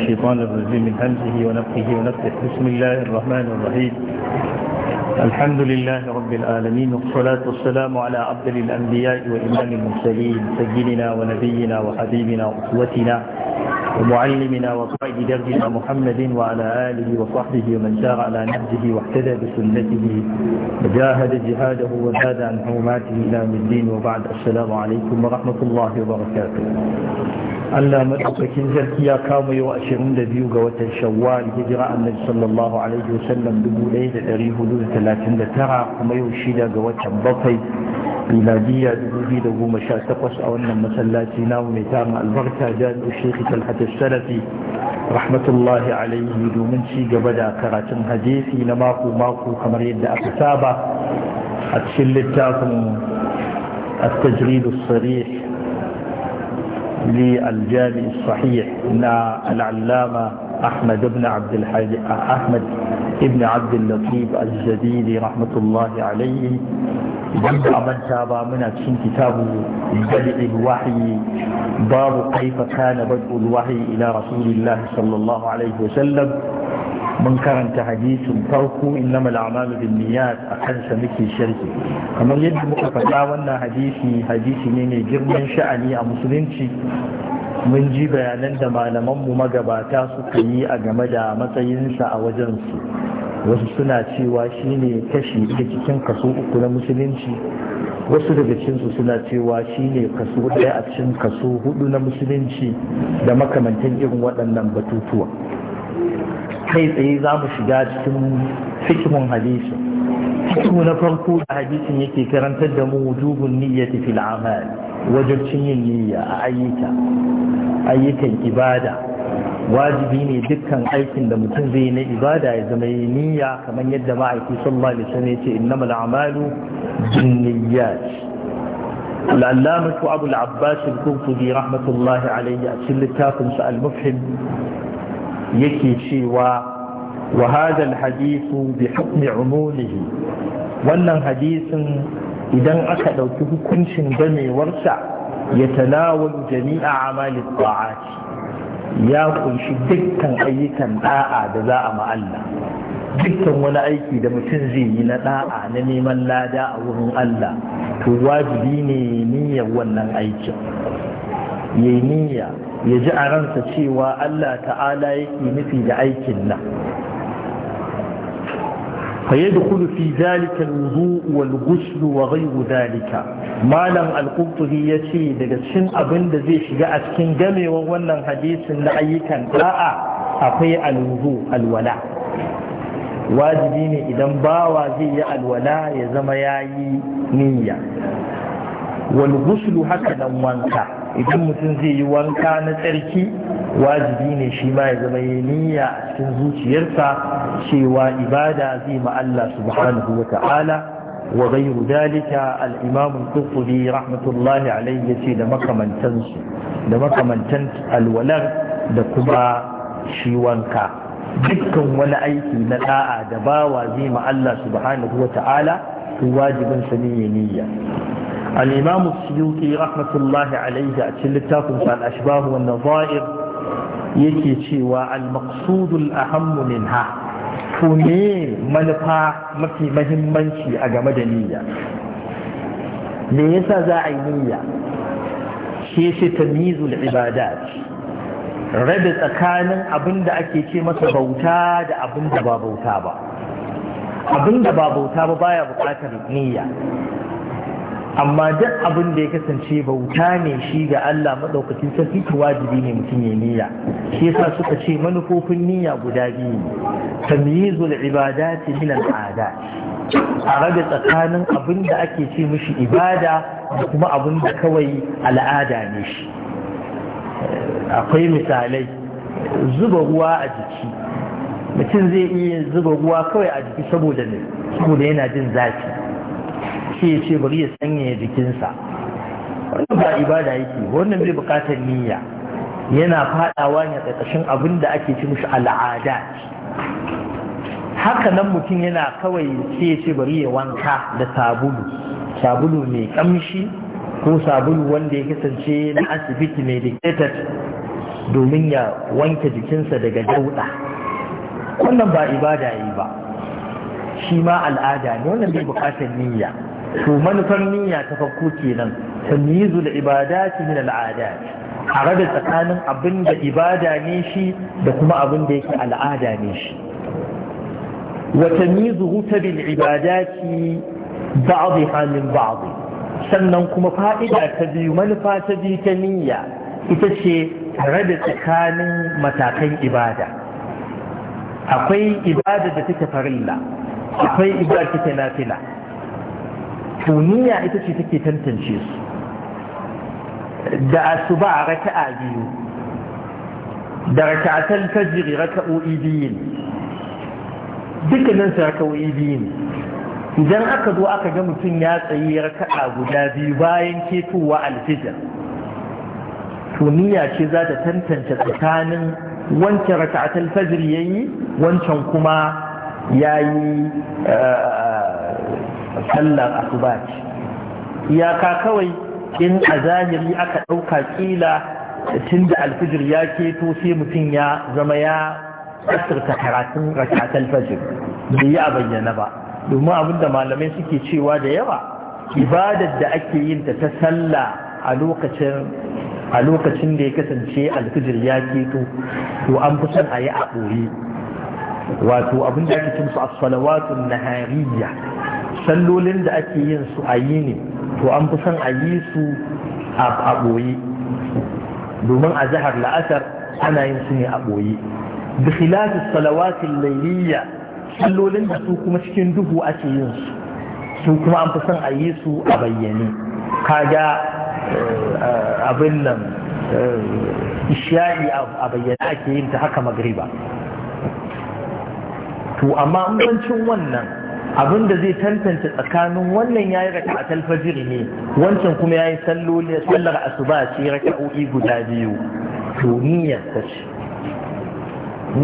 الشيطان الرجيم من همزه ونفخه ونفخه بسم الله الرحمن الرحيم الحمد لله رب العالمين والصلاة والسلام على عبد الأنبياء وإمام المرسلين سيدنا ونبينا وحبيبنا وأخوتنا ومعلمنا وصائد دردنا محمد وعلى آله وصحبه ومن سار على نهجه واحتدى بسنته وجاهد جهاده وزاد عن حوماته إلى الدين وبعد السلام عليكم ورحمة الله وبركاته ألا مدعك زركيا كامي وأشرون لبيوغ وتشوال هجراء النبي صلى الله عليه وسلم بموليد أريه لولة لا ترى كمي وشيدا وتنبطي بلادية دبوبي دبو مشاتقس أو أن المسلاتي ناومي تام البركة جاد الشيخ تلحة السلفي رحمة الله عليه دومن شي جبدا كراتن karatun نماكو ماكو mako-mako kamar yadda التجريد الصريح للجامع الصحيح إن العلامة أحمد بن عبد الحاج أحمد ابن عبد اللطيف الجديد رحمة الله عليه idan ba manta ba muna cikin kitabu badi'il wahyi babu kaifa kana bad'ul wahyi ila rasulillahi sallallahu alaihi wasallam mun karanta hadisin farko innamal a'malu binniyat a kansa muke sharhi kamar yadda muka faɗa wannan hadisi hadisi ne mai girman sha'ani a musulunci mun ji bayanan da malamanmu magabata suka yi a game da matsayinsa a wajensu wasu suna cewa ne kashi da cikin kaso uku na musulunci wasu daga cinsu suna cewa ne kaso ɗaya a cikin kaso hudu na musulunci da makamantan irin waɗannan batutuwa kai tsaye za mu shiga cikin hikimin hadisi hikimu na farko da hadisin yake karantar da mu wujubun niyyati fil amal wajibcin yin niyya a ayyuka ayyukan ibada wajibi ne dukkan aikin da mutum zai na ibada ya zama yi niyya kamar yadda ma'aiki sallallahu alaihi wasallam yace innamal a'malu binniyat al-allamah abu al-abbas al-qurtubi rahmatullahi alayhi a cikin littafin sa al-mufhim yake cewa wa hadha al-hadithu bi hukmi umumihi wannan hadisin idan aka dauki hukuncin gamewarsa ya tanawul jami'a amali ta'ati ya kunshi dukkan ayyukan da'a da za a ma'alla dukkan wani aiki da mutum zai yi na da'a na neman lada a wurin Allah to wajibi ne niyyar wannan aikin ya niyya ya ji a ransa cewa Allah ta'ala yake nufi da aikin nan فيدخل في ذلك الوضوء والغسل وغير ذلك ما لم القرطبي يشي daga cikin abin da zai shiga a cikin gamewar wannan hadisin na ayyukan da'a akwai alwudu alwala wajibi ne idan bawa zai yi alwala ya zama yayi niyya wal ghuslu haka nan wanka idan mutum zai yi wanka na tsarki wajibi ne shi ma ya zama ya niyya a cikin zuciyarsa cewa ibada zai ma Allah subhanahu wa ta'ala وغير ذلك الإمام القرطبي رحمة الله عليه يتي لمك من تنس لمك من تنس dukkan wani aiki na da'a da bawa zai ma Allah subhanahu wa ta'ala to wajibin sa ne niyya الإمام السيوطي رحمة الله عليه أتلتاكم فالأشباه والنظائر يكي شيوا المقصود الأهم منها فمي منفع ما في مهمنشي أجمد نية ليس زاعي نية شيء تمييز العبادات rabe tsakanin abin da ake ce masa bauta da abin da ba bauta ba abin da ba bauta ba baya bukatar niyya amma duk abin da ya kasance bauta ne shi ga Allah maɗaukacin sarki to wajibi ne mutum ya niyya shi yasa suka ce manufofin niyya guda biyu tamyizul ibadati min al'ada a rage tsakanin abin da ake ce mishi ibada da kuma abin da kawai al'ada ne shi akwai misalai zuba ruwa a jiki mutum zai iya zuba ruwa kawai a jiki saboda ne saboda yana jin zafi ce ya ce bari ya sanyaya jikinsa wannan ba ibada yake wannan bai bukatar niyya yana fadawa ne ƙarƙashin abin da ake ci mushi al'ada haka nan mutum yana kawai sai ya ce bari ya wanka da sabulu sabulu mai kamshi ko sabulu wanda ya kasance na asibiti mai dictated domin ya wanke jikinsa daga dauda wannan ba ibada yi ba shi ma al'ada ne wannan bai bukatar niyya to manufar niyya ta farko kenan tamyizul ibadati min al'adat a rabe tsakanin abin da ibada ne shi da kuma abin da yake al'ada ne shi wa tamyizuhu bil ibadati ba'dha min ba'd sannan kuma fa'ida ta biyu manufa ta biyu ta niyya ita ce rabe tsakanin matakan ibada akwai ibada da take farilla akwai ibada take nafila tuniya ita ce take tantance su da asuba raka'a biyu da raka'atul fajr raka'o'i biyu dukkanin su raka'o'i biyun, idan aka zo aka ga mutum ya tsayi raka'a guda biyu bayan ketowa alfijar, tuniya ce za ta tantance tsakanin wancan raka'atul ya yayi wancan kuma yayi eh, sallar asuba ce iyaka kawai in a zahiri aka ɗauka ƙila tun da alfijir ya keto sai mutum ya zama ya kasarta karatun rakatul fajr bai yi a bayyana ba domin abinda malamai suke cewa da yawa ibadar da ake yin ta ta sallah a lokacin a lokacin da ya kasance alfijir ya keto to an fi son a yi a ɓoye wato abin da ake cin su as-salawatun nahariya sallolin da ake yin su a yi ne to an fi son a yi su a ɓoye domin a jihar la'asar ana yin su ne a ɓoye da khilafin salawatin lailiya sallolin da su kuma cikin duhu ake yin su su kuma an fi son a yi su a bayyane kaga eh, eh, abin nan eh, isha'i a bayyane ake yin ta haka magariba. to amma in wannan abin da zai tantance tsakanin wannan ya yi raka a talfajir ne wancan kuma ya yi sallar asuba ce raka'o'i guda biyu to niyyar ta ce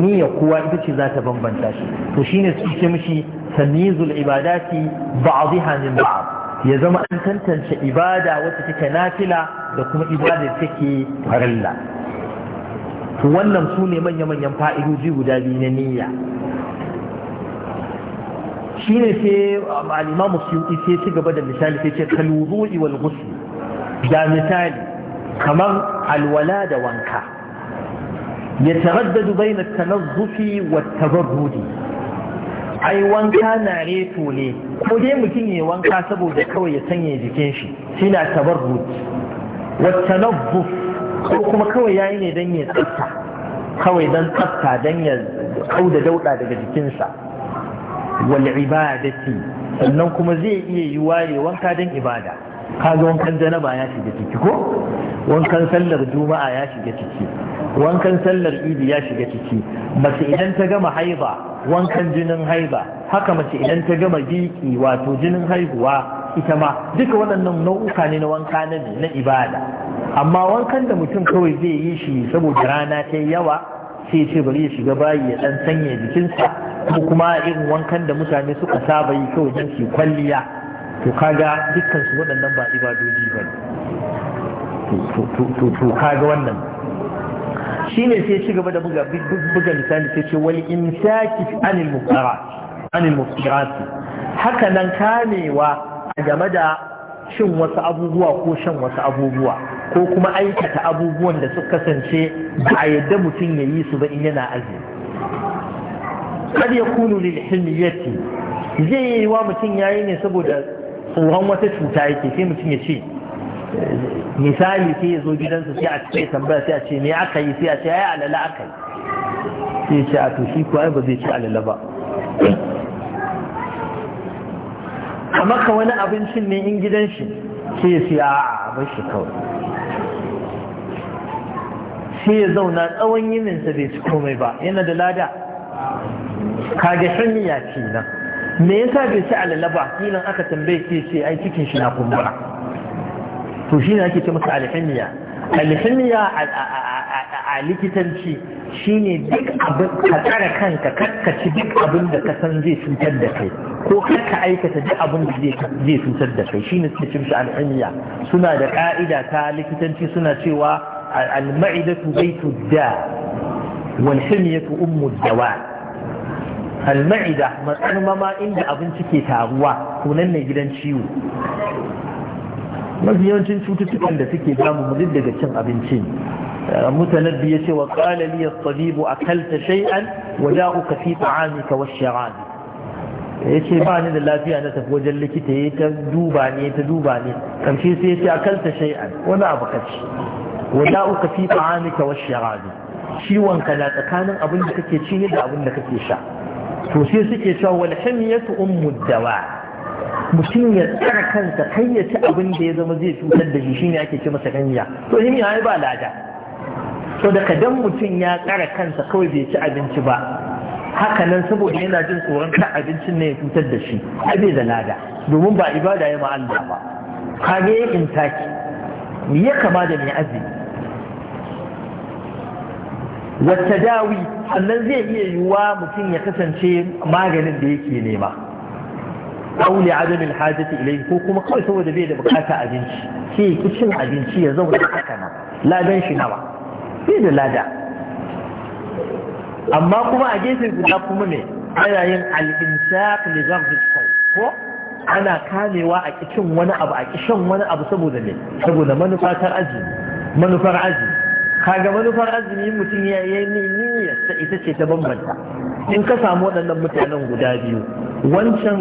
niyyar kowa ita ce za ta bambanta shi to shine su ce mishi tamyizul ibadati ba'dha min ba ya zama an tantance ibada wacce take nafila da kuma ibada take farilla to wannan su ne manya-manyan fa'idoji guda biyu na niyya shi ne sai um, al'imamu suyuti sai ci gaba da misali sai ce kalubu iwal da misali kamar alwala da wanka ya taraddadu tanar zufi wa rudi ai wanka na reto ne ko dai mutum ya wanka saboda kawai ya sanya jikin shi shi na rudi wa tanazzuf ko kuma kawai ya yi ne don ya tsafta kawai dan tsafta don ya da dauda daga jikinsa wal ibadati sannan kuma zai iya yi waye wanka don ibada kaga wankan janaba ya shiga ciki ko wankan sallar juma'a ya shiga ciki wankan sallar idi ya shiga ciki mace idan ta gama haiba wankan jinin haiba haka mace idan ta gama biki wato jinin haihuwa ita ma duka waɗannan nau'uka ne na wanka na na ibada amma wankan da mutum kawai zai yi shi saboda rana ta yawa sai ce bari ya shiga bayi ya ɗan sanya jikinsa ko kuma irin wankan da mutane suka saba yi kawai don su kwalliya to kaga dukkan su waɗannan ba ibadoji ba to kaga wannan Shi ne sai ci gaba da buga buga misali sai ce in saki anil anil muftirat haka nan kamewa a game da shin wasu abubuwa ko shan wasu abubuwa ko kuma aikata abubuwan da suka kasance ba a yadda mutum ya yi su ba in yana azumi kad yakunu lil hilyati zai yi wa mutum yayi ne saboda tsoron wata cuta yake sai mutum ya ce misali sai ya zo gidansa sai a ce tambaya sai a ce me aka yi sai a ce ai alala aka yi sai ce a to shi ko ai ba zai ci alala ba a maka wani abincin ne in gidan shi sai ya siya a bar shi kawai sai ya zauna tsawon yininsa bai ci komai ba yana da lada kaga hanya ce nan me yasa bai ci alalaba? ba kilan aka tambaye ke ce ai cikin shi na kumbura to shine ake ce masa alhimiya alhimiya a likitanci shine duk abin ka tsara kanka kakkaci duk abin da ka san zai cutar da kai ko kakka aikata duk abin da zai cutar da kai shine suke cimsa shi suna da ka'ida ta likitanci suna cewa al-ma'idatu baitud da wal himyatu ummu dawa al-ma'ida matsarmama inda abinci ke taruwa to nan ne gidan ciwo mafi yawancin cututtukan da suke damu mu duk daga cin abinci eh, mutanabbi yace wa qala li at-tabib akalta shay'an wa ja'uka fi ta'amika wash eh, Ya ce ba ni da lafiya na tafi wajen likita yayi ta duba ne ta duba ne kamshi sai a akalta shay'an wani abu kace wa ja'uka fi ta'amika ka sharabi ciwon ka na tsakanin abin da kake ci ne da abin da kake sha to sai suke cewa wal himyatu ummu dawa mutum ya tsara kansa kai ya ci abin da ya zama zai cutar da shi shine ake ce masa ganya. to himya ai ba lada to da kadan mutum ya tsara kansa kawai bai ci abinci ba haka nan saboda yana jin tsoron kan abincin ne ya cutar da shi ai bai da lada domin ba ibada ya ma Allah ba kage taki me ya kama da mai azumi wata dawi sannan zai iya yiwuwa mutum ya kasance maganin da yake nema auli adamin hajjata ilai ko kuma kawai saboda bai da bukata abinci sai ki cin abinci ya zauna haka nan ladan shi nawa da lada amma kuma a gefen guda kuma ne ana yin al-insaq li ko ana kamewa a kicin wani wani abu saboda ne saboda manufar aji kaga manufar azumi mutum ya yi niyyarsa ita ce ta bambanta in ka samu waɗannan mutanen guda biyu wancan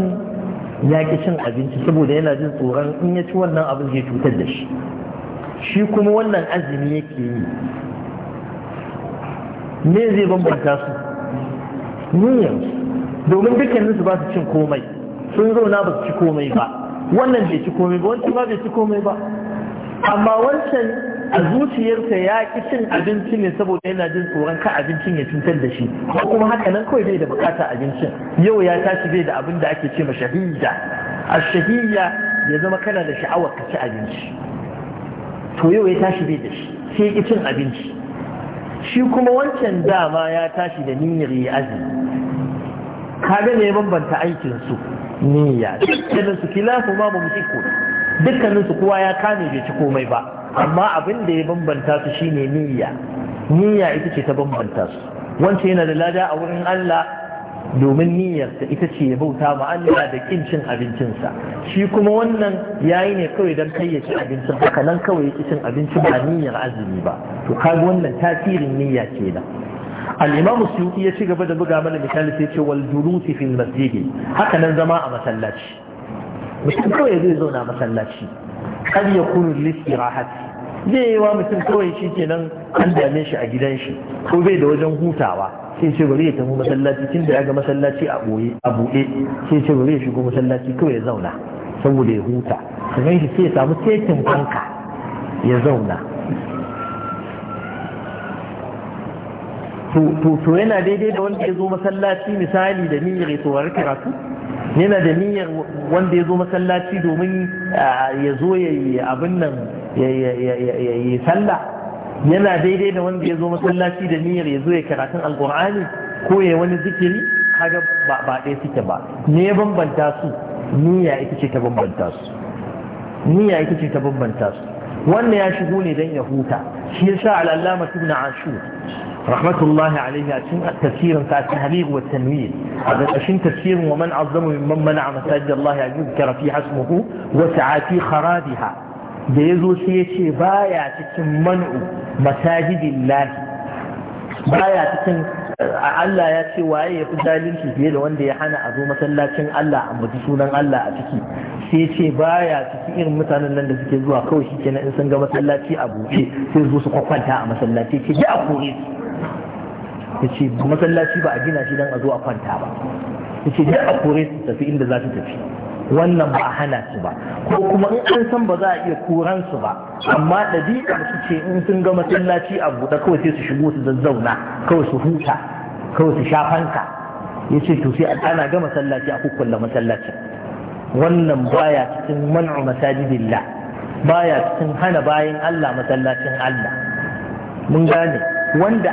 ya ki cin abinci saboda yana jin tsoron in ya ci wannan abin zai cutar da shi shi kuma wannan azumi yake yi me zai bambanta su niyyar domin dukkaninsu ba su cin komai sun zauna ba su ci komai ba wannan bai ci komai ba wancan ba bai ci komai ba amma wancan a zuciyarsa ya ki cin abinci ne saboda yana jin tsoron ka abincin ya cutar da shi ko kuma haka nan kawai bai da bukata abincin yau ya tashi bai da abin da ake ce ma shahiyya a shahiyya ya zama kana da sha'awar ka ci abinci to yau ya tashi bai da shi sai ƙi cin abinci shi kuma wancan dama ya tashi da niyyar ya azumi kaga ne bambanta aikin su niyya kenan su kilafu ma mu ko dukkaninsu kowa ya kame bai ci komai ba amma abin da ya bambanta su shine niyya niyya ita ce ta bambanta su wancan yana da lada a wurin Allah domin niyyar niyyarsa ita ce ya bauta ma Allah da kin cin abincinsa shi kuma wannan yayi ne kawai dan kai ya ci abincin haka nan kawai ya ci cin abinci ba niyyar azumi ba to kaga wannan tasirin niyya kenan al-imam suyuti ya ci gaba da buga mana misali sai ce wal julusi fil masjid haka nan zama a masallaci mutum kawai zai zauna masallaci kar ya kunu rahat zai yi wa mutum kawai shi kenan an dame shi a gidan shi ko bai da wajen hutawa sai ce bari ya tafi masallaci tun da ya ga masallaci a ɓoye. a buɗe sai ce bari ya shigo masallaci kawai ya zauna saboda ya huta kamar shi sai ya samu setin kanka ya zauna to yana daidai da wanda ya zo masallaci misali da niyyar ya tsoron karatu yana da niyyar wanda ya zo masallaci domin ya zo ya yi abin nan ya yi sallah yana daidai da wanda ya zo masallaci da niyyar ya zo ya karatun alkur'ani ko ya wani zikiri kaga ba ba ɗaya suke ba ne ya bambanta su niyya ita ce ta bambanta su niyya ita ce ta bambanta su wannan ya shigo ne don ya huta shi yasa al'allama na ashur rahmatullahi alaihi a cikin tafsirin sa tahrir wa tanwir a ƙarƙashin tafsirin wa man azzamu mimman mana'a masajid Allah ya zikra fi hasmuhu wa sa'ati kharabiha da yazo sai ya ce baya cikin man'u masajidillah baya cikin Allah ya ce waye ya fi zalunci fiye da wanda ya hana a zo masallacin Allah a mutu sunan Allah a ciki sai ya ce baya cikin irin mutanen nan da suke zuwa kawai shi kenan in sun ga masallaci a buɗe sai su su kwakwanta a masallaci ke ji a kore su ta ce masallaci ba a gina shi don a zo a kwanta ba ta ce duk a kore su tafi inda za su tafi wannan ba a hana su ba ko kuma in an san ba za a iya koran su ba amma ɗabi'ar su ce in sun ga masallaci a buɗe kawai sai su shigo su zazzauna kawai su huta kawai su sha fanka ya ce to sai ɗana ga masallaci a kukkulla masallaci wannan baya cikin man'u masajidillah baya cikin hana bayan Allah masallacin Allah mun gane wanda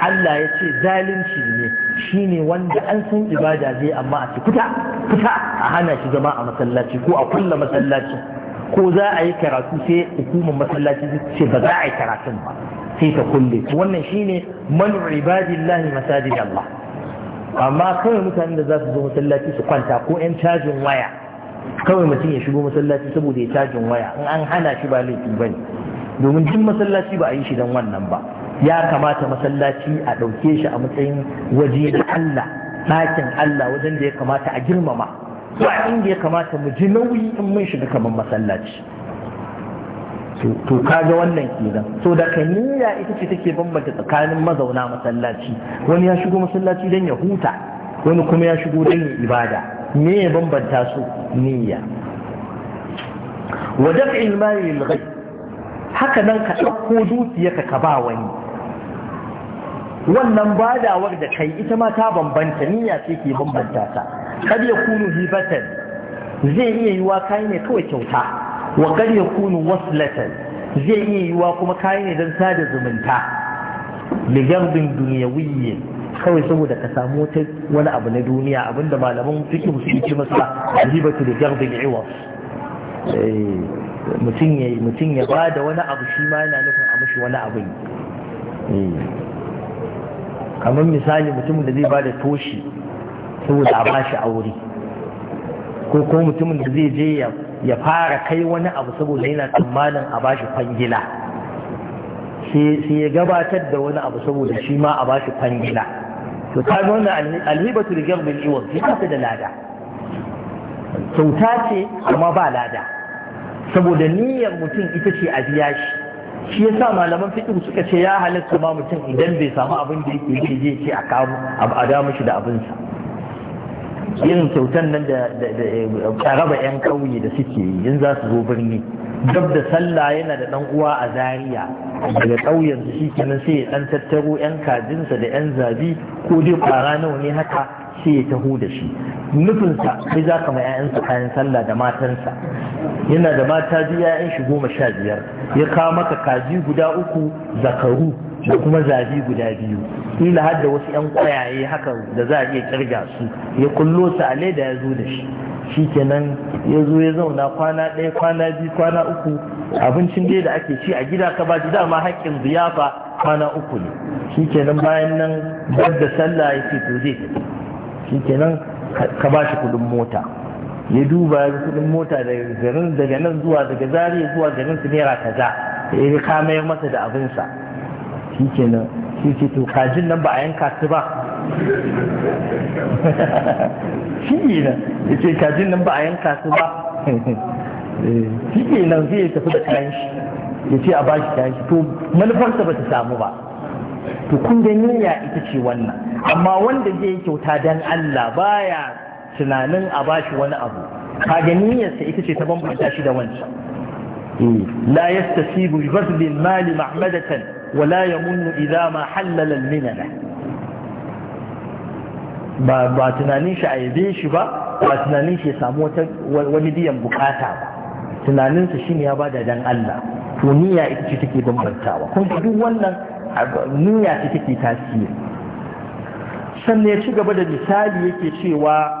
Allah ya ce zalunci ne shine wanda an san ibada zai amma a ce kuta kuta a hana shi zama a masallaci ko a kulla masallaci ko za a yi karatu sai hukumar masallaci ce ba za a yi karatun ba sai ta kulle wannan shine manu ibadillahi masajid Allah amma kawai mutanen da za su zo masallaci su kwanta ko 'yan cajin waya kawai mutum ya shigo masallaci saboda ya cajin waya in an hana shi ba laifi ba ne domin duk masallaci ba a yi shi don wannan ba ya kamata masallaci a ɗauke shi a matsayin waje na Allah ɗakin Allah wajen da ya kamata a girmama ba inda ya kamata mu ji nauyi in mun shiga kamar masallaci to kaga wannan kenan so da ka niyya ita ce take bambanta tsakanin mazauna masallaci wani ya shigo masallaci don ya huta wani kuma ya shigo don ya ibada me ya bambanta su niyya wa daf'il mali lil ghayb haka nan ka ɗauko dukiyarka ka ba wani wannan badawar da kai ita ma ta bambanta niyya ce ke bambanta ta kad ya kunu hibatan zai iya yiwa kai ne kawai kyauta wa kad ya kunu waslatan zai iya yiwa kuma kai ne don sada zumunta ligardin duniyawiyyin kawai saboda ka samu wata wani abu na duniya abinda malaman fiqh su ci masa alhibatu ligardin iwas eh, mutum ya ba da wani abu shi ma yana nufin a mashi wani abu kamar misali mutumin da zai ba da toshi saboda a bashi aure ko ko mutumin da zai je ya fara kai wani abu saboda yana tsammanin a bashi fangila sai ya gabatar da wani abu saboda shi ma a bashi fangila to ta nuna alhibatu da garbin iwon sai da lada kyauta ce amma ba lada saboda niyyar mutum ita ce a biya shi shi yasa malaman fiqh suka ce ya halatta ma mutum idan bai samu abin da yake je je ce a kawo a da mishi da abin sa irin kyautan nan da karaba yan kauye da suke yi in za su zo birni gab da sallah yana da dan uwa a Zariya. daga kauyen shi kenan sai ya dan tattaro yan kajinsa da yan zabi ko dai kwara nawa ne haka sai ya taho da shi nufinsa sai za ka ma 'ya'yansa kayan sallah da matansa yana da mata biyu ya'yan shi goma sha biyar ya kawo maka kaji guda uku zakaru da kuma zabi guda biyu ila har da wasu 'yan kwayaye haka da za a iya kirga su ya kullo su a leda ya zo da shi shi kenan ya zo ya zauna kwana ɗaya kwana biyu kwana uku abincin dai da ake ci a gida ka ba ji dama haƙƙin ziyafa kwana uku ne shi kenan bayan nan da sallah ya ce to zai tafi shi kenan ka ba shi kuɗin mota ya duba ya kudin mota daga garin daga nan zuwa daga zari zuwa garin su naira kaza ya ka mayar masa da abinsa shi nan shi ce to kajin nan ba a yanka su ba shi nan ya ce kajin nan ba a yanka su ba shi nan zai tafi da kayan shi ya ce a ba shi kayan shi to manufarsa ba ta samu ba to kun ganin ya ita ce wannan amma wanda zai kyauta dan Allah baya tunanin a bashi wani abu kaga niyyarsa ita ce ta bambanta shi da wancan hmm. la yastasibu bi bazli mali mahmadatan wa la yamunnu idha ma halala al ba ba tunanin shi a yabe shi ba ba tunanin shi ya samu wata wani biyan bukata ba tunanin sa shine ya bada dan Allah to niyya ita ce take bambantawa kun duk wannan niyya ce take tasiri sannan ya ci gaba da misali yake cewa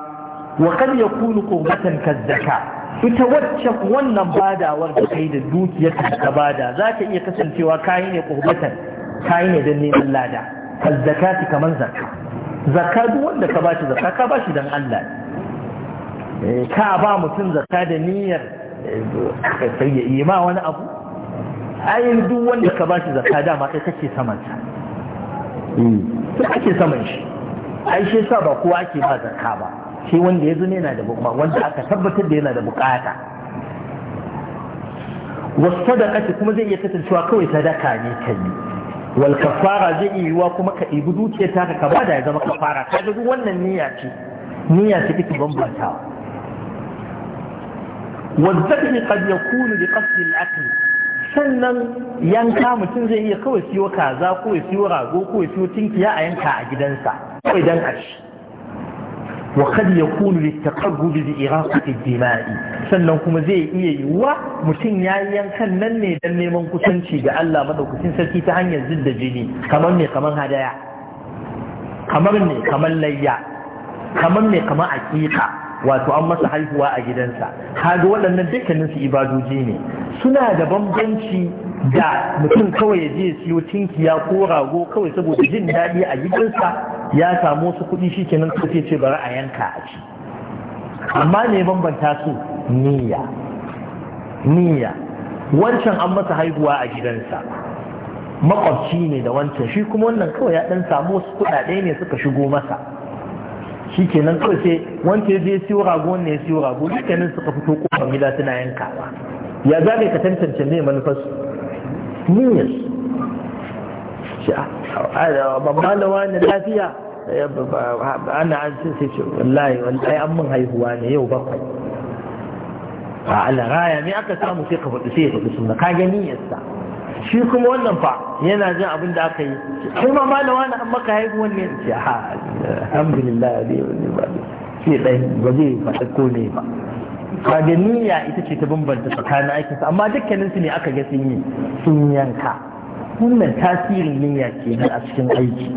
wa kad yakunu qurbatan kazzaka ita wacce wannan badawar da kai da dukiyar ka bada za ka iya kasancewa kayi ne qurbatan kayi ne don neman lada kazzakati kaman zakka zaka, duk wanda ka bashi zakka ka bashi don Allah eh ka ba mutum zakka da niyyar sai eh ma wani abu ayin duk wanda ka bashi zakka dama kai kake saman sa hmm. kake saman shi ai shi sa ba kowa ake ba zakka ba sai wanda ya zama yana da wanda aka tabbatar da yana da bukata wasu sadakati kuma zai iya kasancewa kawai sadaka ne ka yi wal kafara zai iya yiwa kuma ka ɗibi dukiyar ta ka bada ya zama kafara ka ga wannan niyya ce niyya ce take bambantawa والذبح قد يكون بقصد الأكل sannan yanka mutum zai iya kawai siyo kaza kawai siyo rago ko siyo tinkiya a yanka a gidansa kawai dan وقد يكون للتقرب بإراقة الدماء sannan kuma zai iya yiwuwa mutum ya yi yankan nan ne don neman kusanci ga Allah madaukakin sarki ta hanyar zidda jini kamar ne kamar hadaya kamar ne kamar layya kamar ne kamar aƙiƙa wato an masa haihuwa a gidansa kaga waɗannan dukkanin su ibadoji ne suna da bambanci da mutum kawai ya je siyo tinkiya ko rago kawai saboda jin daɗi a gidansa ya samu su kuɗi shi kenan ko ce bari a yanka a ci amma me bambanta su niyya niyya wancan an masa haihuwa a gidansa makwabci ne da wancan shi kuma wannan kawai ya ɗan samu wasu kuɗaɗe ne suka shigo masa shi kenan kawai sai wanda ya je siyo rago wanda ya siyo rago shi kenan suka fito kofar gida suna yankawa ya za ka tantance ne su, niyyar shi a ah, ah, ah, babban da lafiya eh, ana an ce sai ce wallahi wallahi an mun haihuwa ne yau bakwai a raya ne aka samu sai ka faɗi sai ya faɗi suna ka ga sa. shi kuma wannan fa yana jin abin da aka yi kai ma malama na an maka haihuwan ne ce ha alhamdulillah ne wani ba Shi dai ba zai faɗa ko ne ba kaga niyya ita ce ta bambanta tsakanin aikinsa amma dukkanin su ne aka ga sun yi sun yanka wannan tasirin niyya ke nan a cikin aiki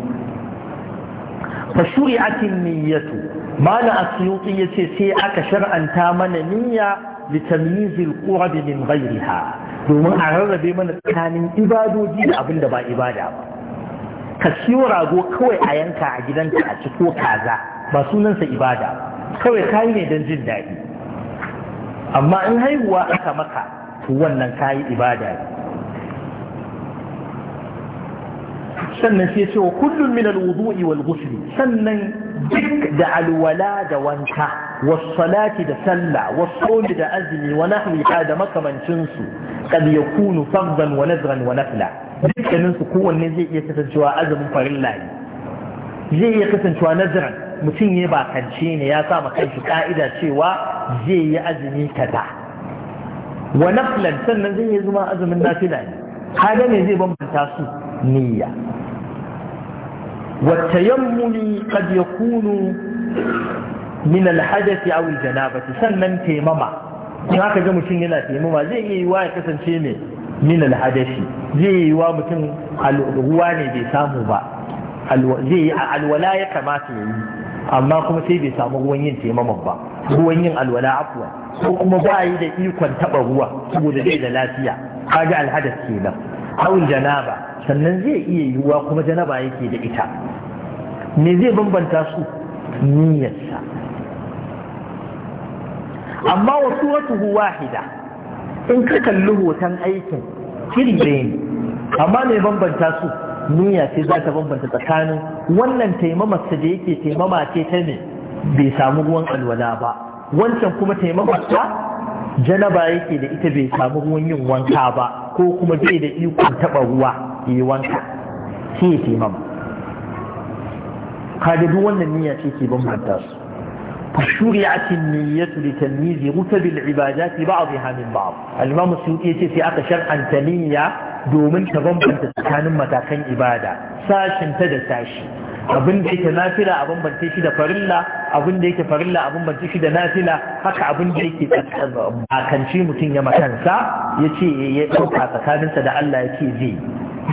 fa shuri'atin niyyatu malam asyuti yace sai aka shar'anta mana niyya litamyizil qurbi min ghayriha domin a rarrabe mana tsakanin ibadoji da abin da ba ibada ba ka siyo rago kawai a yanka a gidanka a ci ko kaza ba sunansa ibada kawai kayi ne don jin daɗi amma in haihuwa aka maka to wannan kayi ibada ne sannan sai cewa kullum min wudu'i wal ghusl sannan duk da alwala da wanka wasalati da sallah wasawli da azumi wa nahwiha da makamancinsu su kad yakunu fardan wa nazran wa nafla dukkanin su kowanne zai iya kasancewa azumin farin ne zai iya kasancewa nazran mutum ya ba kance ne ya sa maka shi ka'ida cewa zai yi azumi kaza wa naflan sannan zai iya zuma azumin nafila ne kaga ne zai bambanta su niyya والتيمم قد يكون min alhadathi aw aljanabati sannan taimama in aka ga mutum yana taimama zai iya yiwa ya kasance ne min alhadathi zai iya yiwa mutum ruwa ne bai samu ba zai alwala ya kamata ya yi amma kuma sai bai samu ruwan yin taimama ba ruwan yin alwala afwa ko kuma ba yi da ikon taba ruwa saboda zai da lafiya kaga alhadath kenan aw janaba sannan zai iya yiwa kuma janaba yake da ita me zai bambanta su niyyarsa amma wa suratuhu wahida in ka kalli hoton aikin kiri ɗaya ne amma mai bambanta su niyya ce za ta bambanta tsakanin wannan su da yake taimama ce ta ne bai samu ruwan alwala ba wancan kuma ta janaba yake da ita bai samu ruwan yin wanka ba ko kuma bai da ikon taɓa ruwa yi wanka sai ya taimama kaga wannan niyya ce ke bambanta su فشرعت النية لتمييز رتب العبادات بعضها من بعض الإمام السيوطي في أخ شرعا تنية دومن تبنبن تتكان متاكن إبادة ساشن تدى ساشي abin da yake nafila a bambance shi da farilla abin da yake farilla a bambance shi da nafila haka abin da yake bakanci mutum ya makansa ya ce ya ɗauka tsakaninsa da Allah ya ce zai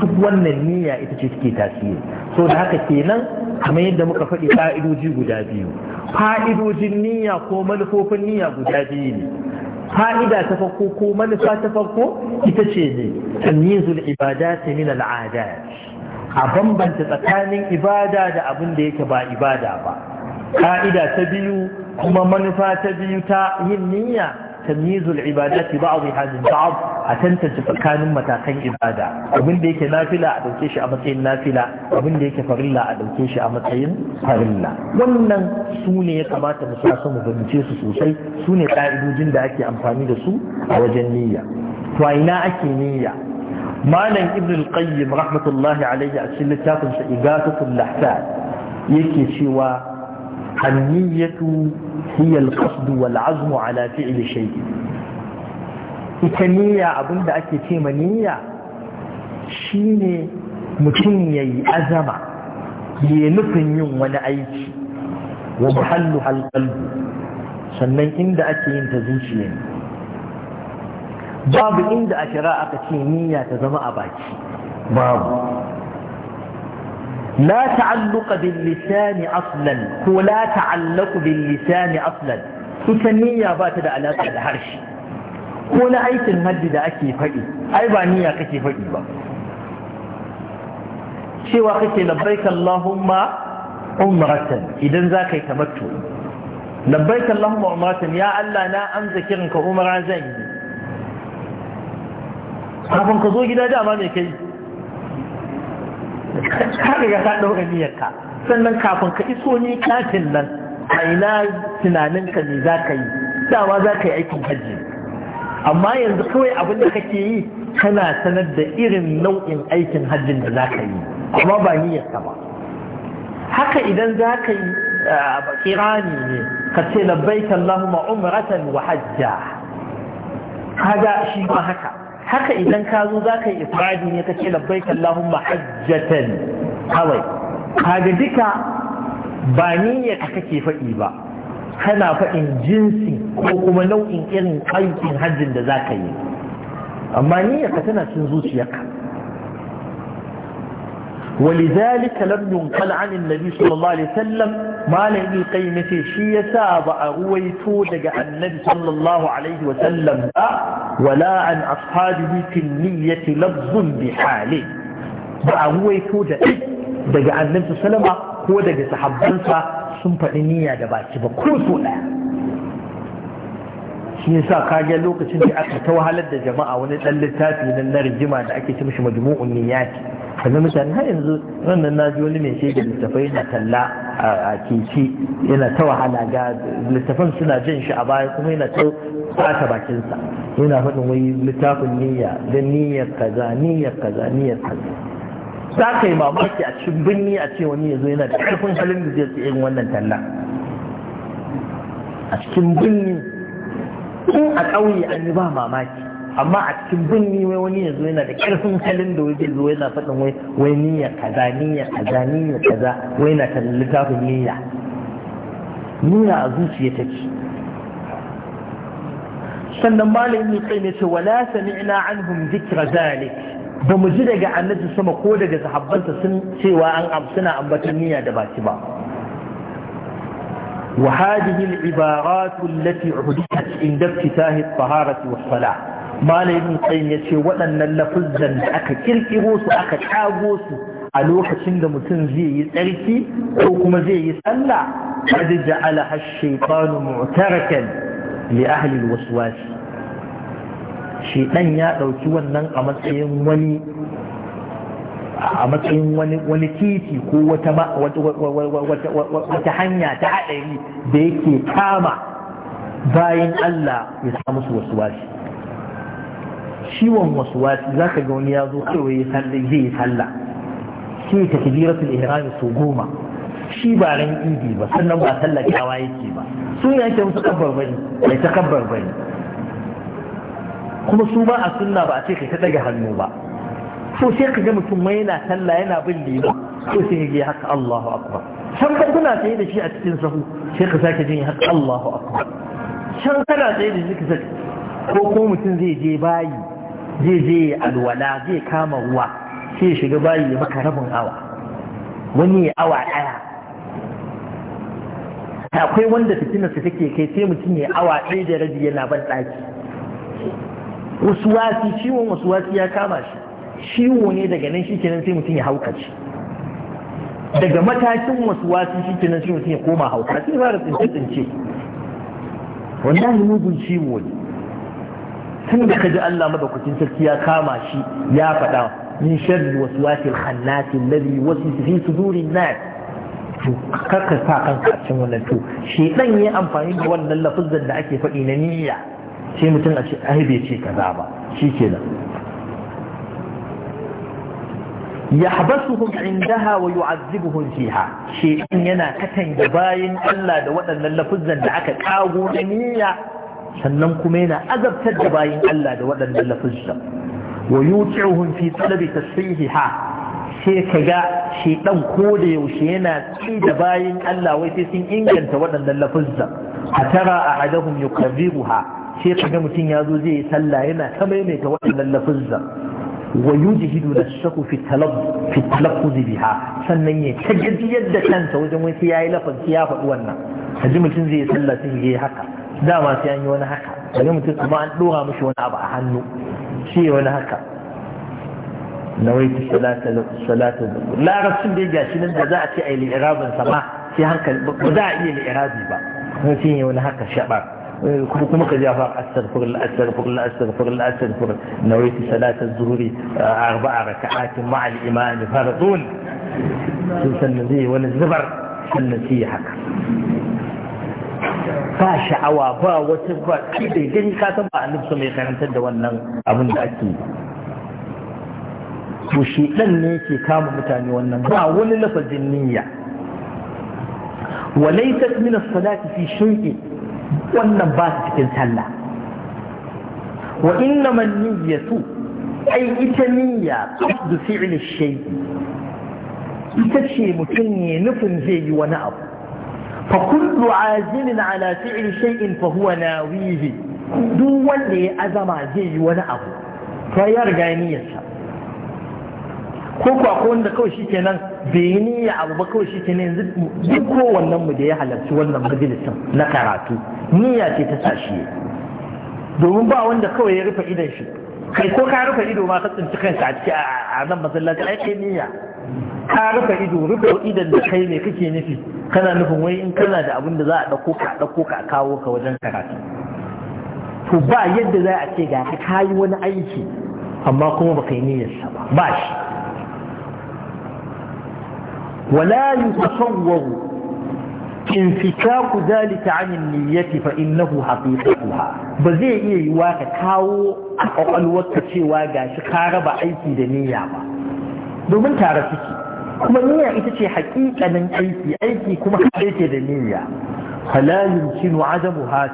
duk wannan niyya ita ce take tasiri so da haka kenan kamar yadda muka faɗi ƙa'idoji guda biyu fa'idojin niyya ko manufofin niyya guda biyu ne fa'ida ta farko ko manufa ta farko ita ce ne ibada, ta min al'ada. a bambanta tsakanin ibada da abin da yake ba ibada ba ka'ida ta biyu kuma manufa ta biyu ta yin niyya tamyizul ibadati ba'dha min ba'd a tantance tsakanin matakan ibada abin da yake nafila a dauke shi a matsayin nafila abin da yake farilla a ɗauke shi a matsayin farilla wannan su ne ya kamata mu sa mu fahimce su sosai su ne ka'idojin da ake amfani da su a wajen niyya to a ina ake niyya malam ibn al-qayyim rahmatullahi alaihi a cikin littafin sa igasatul lahfad yake cewa Hanniyyatu hiya alqasd wal azmu ala fi'li shay ita niyya da ake ce ma niyya shine mutum yayi azama ya nufin yin wani aiki wa muhallu halqalbu sannan inda ake yin ta zuciya babu inda a shari'a aka ce niyya ta zama a baki babu لا تعلق باللسان أصلا هو لا تعلق باللسان أصلا تسنية بات دا علاقة دا هرش هو لا أيت المد دا أكي فئي أي بانية كي فئي با شوى كي لبيك اللهم عمرة إذا ذاك يتمتع لبيك اللهم عمرة يا الله لا أمزكرنك عمرة زين kafin ka zo gida dama mai kai ka riga ka ɗaura niyyarka sannan kafin ka iso ni katin nan a ina tunaninka ne za ka yi dama za ka yi aikin hajji amma yanzu kawai abin da kake yi kana sanar da irin nau'in aikin hajjin da za ka yi amma ba niyyarka ba haka idan za ka yi ah, kirani ne ka ce labbaika Allahumma umratan wa hajja kaga shi ba haka haka idan ka zo za ka yi ifradi ne ka ce labbai kallahumma hajjatan kawai kaga duka ba niyya ka kake faɗi ba kana faɗin jinsi ko kuma nau'in irin aikin hajjin da za ka yi amma niyya ka tana cin zuciyarka ولذلك لم ينقل عن النبي صلى الله عليه وسلم ما لم قيمته شيء ساب أرويتو دقى النبي صلى الله عليه وسلم ولا عن أصحابه في النية لفظ بحاله أرويتو دقى النبي صلى الله عليه وسلم هو دقى تحبنسا سنفع النية دباتي بكل سؤال shi yasa ka ga lokacin da aka ta wahalar da jama'a wani dan littafi na rigima da ake ci mishi majmu'un niyyati kamar mutane har yanzu wannan na ji wani mai ce da littafai na talla a keke yana ta wahala ga littafan suna jin shi a baya kuma yana ta bakinsa yana faɗin wai littafin niyya da niyyar kaza niyyar kaza niyyar kaza za mamaki a cikin birni a ce wani yanzu yana da ƙarfin halin da zai irin wannan talla a cikin birni in a ƙauye an yi ba mamaki amma a cikin binni wai wani yanzu yana da ƙarfin halin da wajen zuwa yana faɗin wai wai niyya kaza niyya kaza niyya kaza wai na kan littafin niyya niyya a zuciya take sannan malamin ibn qayyim yace wala sami'na anhum dhikra zalik ba mu ji daga annabi sama ko daga sahabbansa sun cewa an suna ambaton niyya da baki ba وهذه العبارات التي عهدت عند افتتاح الطهارة والصلاة malamin tsayin ya ce waɗannan lafuzan da aka kirkiro su aka kago su a lokacin da mutum zai yi tsarki ko kuma zai yi sallah qad ja'ala ash-shaytanu mu'tarakan li ahli al-waswas ya ɗauki wannan a matsayin wani a matsayin wani titi ko wata hanya ta haɗari da yake kama bayan Allah ya sa musu waswasi ciwon wasu wasi za ka ga wani ya zo kawai zai yi sallah sai ta kabiratul ihram su goma shi ba ran idi ba sannan ba sallah kyawa yake ba su ne ake musu kabbar bane mai ta kabbar bane kuma su ba a sunna ba a ce kai ta daga hannu ba so sai ka ga mutum mai yana sallah yana bin liman so sai ka ya haka Allahu akbar can ka kuna tsaye da shi a cikin sahu sai ka sake jin haka Allahu akbar can kana tsaye da shi ka sake ko ko mutum zai je bayi zai je alwala zai kama ruwa sai ya shiga bayi ya maka rabin awa wani ya awa ɗaya akwai wanda fitinarsa take kai sai mutum ya awa ɗaya da rabi yana ban ɗaki wasu wasi ciwon wasu ya kama shi ciwo ne daga nan shi kenan sai mutum ya haukace daga matakin wasu wasu shi kenan sai mutum ya koma hauka sai fara tsince tsince wallahi mugun ciwo ne tun da kaji Allah madaukakin sarki ya kama shi ya faɗa min sharri waswasil khannati alladhi wasu fi sudurin nas to karka sa kanka a wannan to shedan ya amfani da wannan lafazin da ake faɗi na niyya sai mutum a ce ai bai ce kaza ba shikenan يحبسهم عندها ويعذبهم فيها شيء ينا كتن جباين ألا دا ودن اللفزن دعك كاغو نمية sannan kuma yana azabtar da bayin Allah da waɗannan lafizza wa yuti'uhum fi talabi tasrihiha sai ka ga shi dan ko da yaushe yana ci da bayin Allah wai sai sun inganta waɗannan lafizza a tara ahadahum yukarriruha sai ka ga mutum ya zo zai yi sallah yana ta maimaita waɗannan lafizza wa yujhidu nafsahu fi talaffuz fi talaffuz biha sannan ya ta gajiyar da kansa wajen wai sai yayi lafazi ya faɗi wannan kaji mutum zai yi sallah sun yi haka dama sai an yi wani haka daga mutum kuma an ɗora mashi wani abu a hannu shi wani haka nawaitu salatu larabcin da ya gashi nan da za a ce a yi li'irabin sama sai hankali ba za a iya li'irabi ba sun sun yi wani haka shaɓa kuma kuma ka jafa astagfir astagfir astagfir astagfir nawaitu salatu zuhuri arba'a raka'atin ma'al imani faradun sun sannan zai wani zubar sannan sai haka ba sha'awa ba wata ba kai gani ka san ba annabi mai karantar da wannan abin da ake to shi dan ne ke kama mutane wannan ba wani lafazin niyya walaysat min as-salati fi shay'in wannan ba su cikin sallah wa innama niyyatu ai ita niyya qasdu fi'l ash-shay'i ita ce mutum ne nufin zai yi wani abu فكل عازم على فعل شيء فهو ناويه دون ولا أزم زي ولا أبو فيرجع نيته ko kuwa ko wanda kawai shi kenan bai ni abu ba kawai shi kenan yanzu duk mu da ya halarci wannan majalisin na karatu niyya ce ta sashi domin ba wanda kawai ya rufe idon shi kai ko ka rufe ido ma ka tsinci a nan ai kai niyya ka rufe ido rufe idan da kai ne kake nufi kana nufin wai in kana da abin da za a ɗauko ka ɗauko ka kawo ka wajen karatu to ba yadda za a ce ga ka kayi wani aiki amma kuma baka yi niyyarsa ba ba shi wala In an yutasawwaru انفكاك ذلك عن zai iya حقيقتها ka kawo واقع ka cewa gashi ka raba aiki da niyya ba. domin tare suke kuma niyya ita ce haƙiƙanin aiki aiki kuma haɗe ke da niyya fala yumkinu ha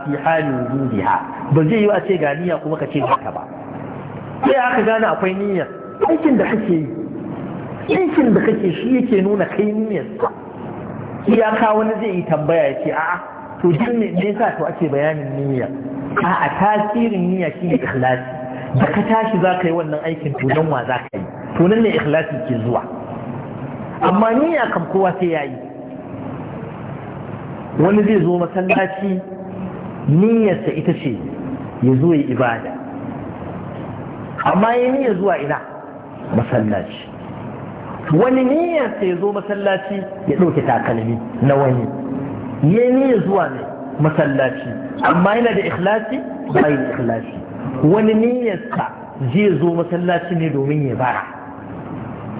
fi hali wujudiha ba zai yi a ce ga niyya kuma ka ce haka ba sai aka gane akwai niyya aikin da kake yi aikin da kake shi yake nuna kai niyyar iyaka wani zai yi tambaya ya ce a'a to jin ne me yasa to ake bayanin niyya a'a tasirin niyya shine ikhlasi da ka tashi za ka yi wannan aikin to dan wa za ka yi to ne ikhlasi ke zuwa amma niyya kam kowa sai ya yi. wani zai zo masallaci niyyarsa ita ce ya zo ya ibada amma ya niyya zuwa ina masallaci wani niyyarsa ya zo masallaci ya ɗauke takalmi na wani ya niyya zuwa ne masallaci amma yana da ikhlasi bai da ikhlasi wani niyyarsa zai zo masallaci ne domin ya bara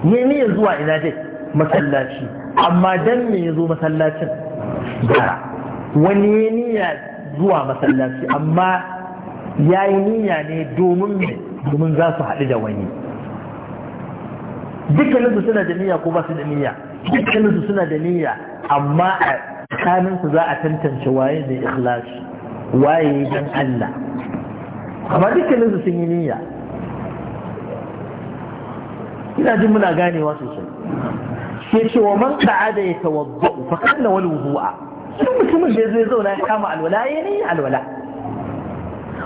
ya niyyar zuwa ina dai masallaci amma dan me ya zo masallacin gara wani ya niyya zuwa masallaci amma ya yi niyya ne domin me domin za su haɗu da wani dukkaninsu suna da niyya ko ba su da niyya dukkaninsu suna da niyya amma a tsakaninsu za a tantance waye da ikhlasi waye dan Allah amma dukkaninsu sun yi niyya ina jin muna ganewa sosai sai ce wa man ka'ada ya tawadda'u fa kana wal wudu'a sun mutumin da zai zauna ya kama alwala ya ne alwala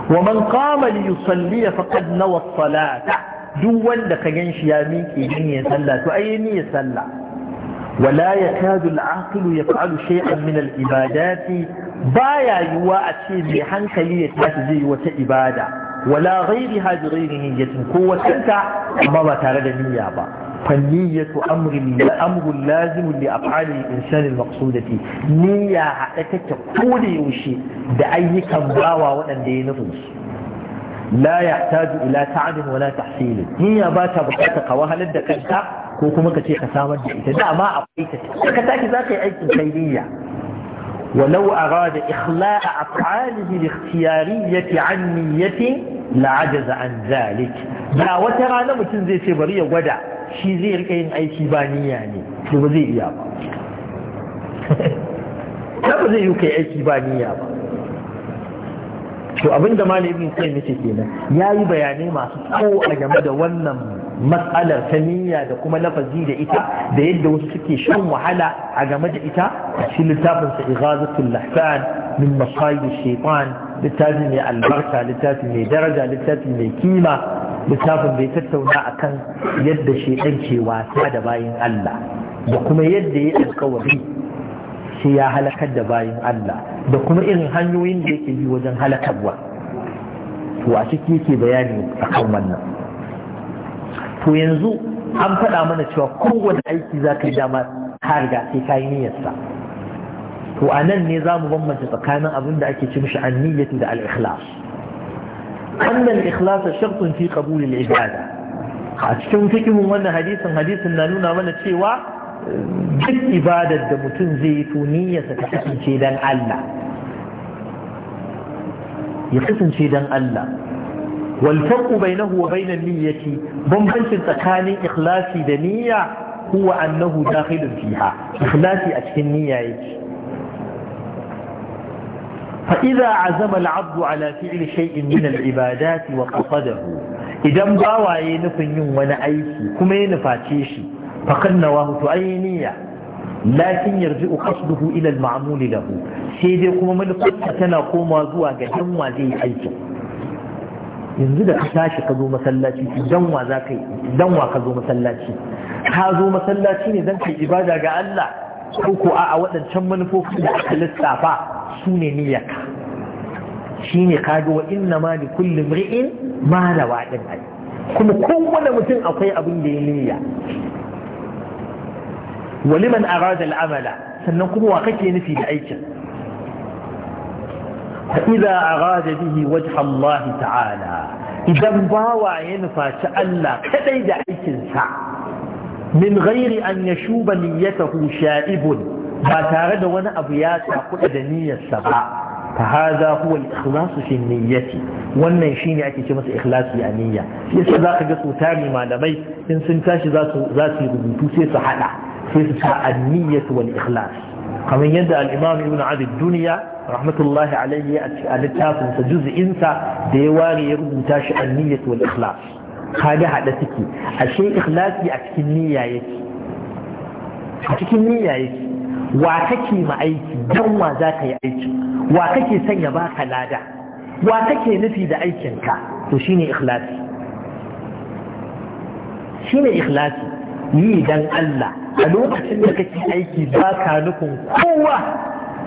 wa man qama li yusalli fa qad nawa salata duk wanda ka ganshi ya miƙe ya sallah to ai ni niyyar sallah ولا يكاد العاقل يفعل شيئا من العبادات بايا يوا zai yi wata ibada. wala ghairi ha bi ghairi niyyatin ko wasanta amma ba tare da niyya ba فالنيه امر الامر اللازم لافعال الانسان المقصوده نيه حدتك كل يوشي دا ايك باوا ودان دي لا يحتاج الى تعد ولا تحصيل هي باتا بكتا كوهل دكتا ko kuma ka ce ka samar da ita dama akwai ta ka tashi za ka yi aikin kai ولو أراد إخلاء أفعاله الاختيارية عن نية لعجز عن ذلك لا وترى أنا متن زي سبرية ودع شي زي ركين أي شيبانية يعني شو زي إيابا لا زي يوكي أي شيبانية to abinda malam ibn qayyim yake kenan yayi bayanai masu tsawo a game da wannan matsalar ta niyya da kuma lafazi da ita da yadda wasu suke shan wahala a game da ita a cikin littafin sa ighazatul lahfan min masayid shaytan littafi mai albarka littafi mai daraja littafi mai kima littafin bai tattauna akan yadda shaytan ke wasa da bayin Allah da kuma yadda ya alkawari shi ya halakar da bayin Allah da kuma irin hanyoyin da yake bi wajen halakarwa to a ciki yake bayani akan wannan to yanzu an faɗa mana cewa kowane aiki za ka yi dama ka riga sai ka yi niyyarsa to a nan ne za mu bambanta tsakanin abin da ake ce mishi an niyyatu da al-ikhlas annal ikhlas shartun fi qabul al-ibada a cikin fikimin wannan hadisin hadisin na nuna mana cewa duk ibadar da mutum zai yi to niyyarsa ta kasance dan Allah ya kasance dan Allah والفرق بينه وبين النية بمبنش تكاني إخلاصي دنية هو أنه داخل فيها إخلاصي أشكي النية يجي فإذا عزم العبد على فعل شيء من العبادات وقصده إذا باوى ينفن يوم أيسي كما ينفاتيشي فقد نواه تؤينية لكن يرجع قصده إلى المعمول له سيدي كما من قد تنقوم وزوى جهنم وزي أيسي yanzu da ka tashi ka zo masallaci idan wa za ka yi ka zo masallaci ka zo masallaci ne don ka ibada ga Allah ko ko a waɗancan manufofin da aka lissafa su ne niyyarka shi ne ka ga wa ma li kullum ri'in ma da waɗin ai kuma kowane mutum akwai abin da ya niyya waliman arajal amala. sannan kuma wa kake nufi da aikin فإذا أراد به وجه الله تعالى إذا مباوى ينفى تألا عيش عيكسا من غير أن يشوب نيته شائب ما تارد ون أبيات أقول أدنية السبع فهذا هو الإخلاص في النية وأن يشين يأتي شمس إخلاص في النية يستذاق جسو تاني ما لمي إن سنتاش ذاتي ذات سيس حلع سيس النية والإخلاص كما يدى الإمام ابن عبد الدنيا rahmatullahi alaihi a littafin sa juz'in sa da ya ware ya rubuta shi an-niyyat wal ikhlas kaga hada suke ashe ikhlasi a cikin niyya yake a cikin niyya yake wa kake ma aiki dan wa za ka yi aiki wa kake sanya baka lada wa kake nufi da aikinka to shine ikhlasi shine ikhlasi yi dan Allah a lokacin da kake aiki ba ka nufin kowa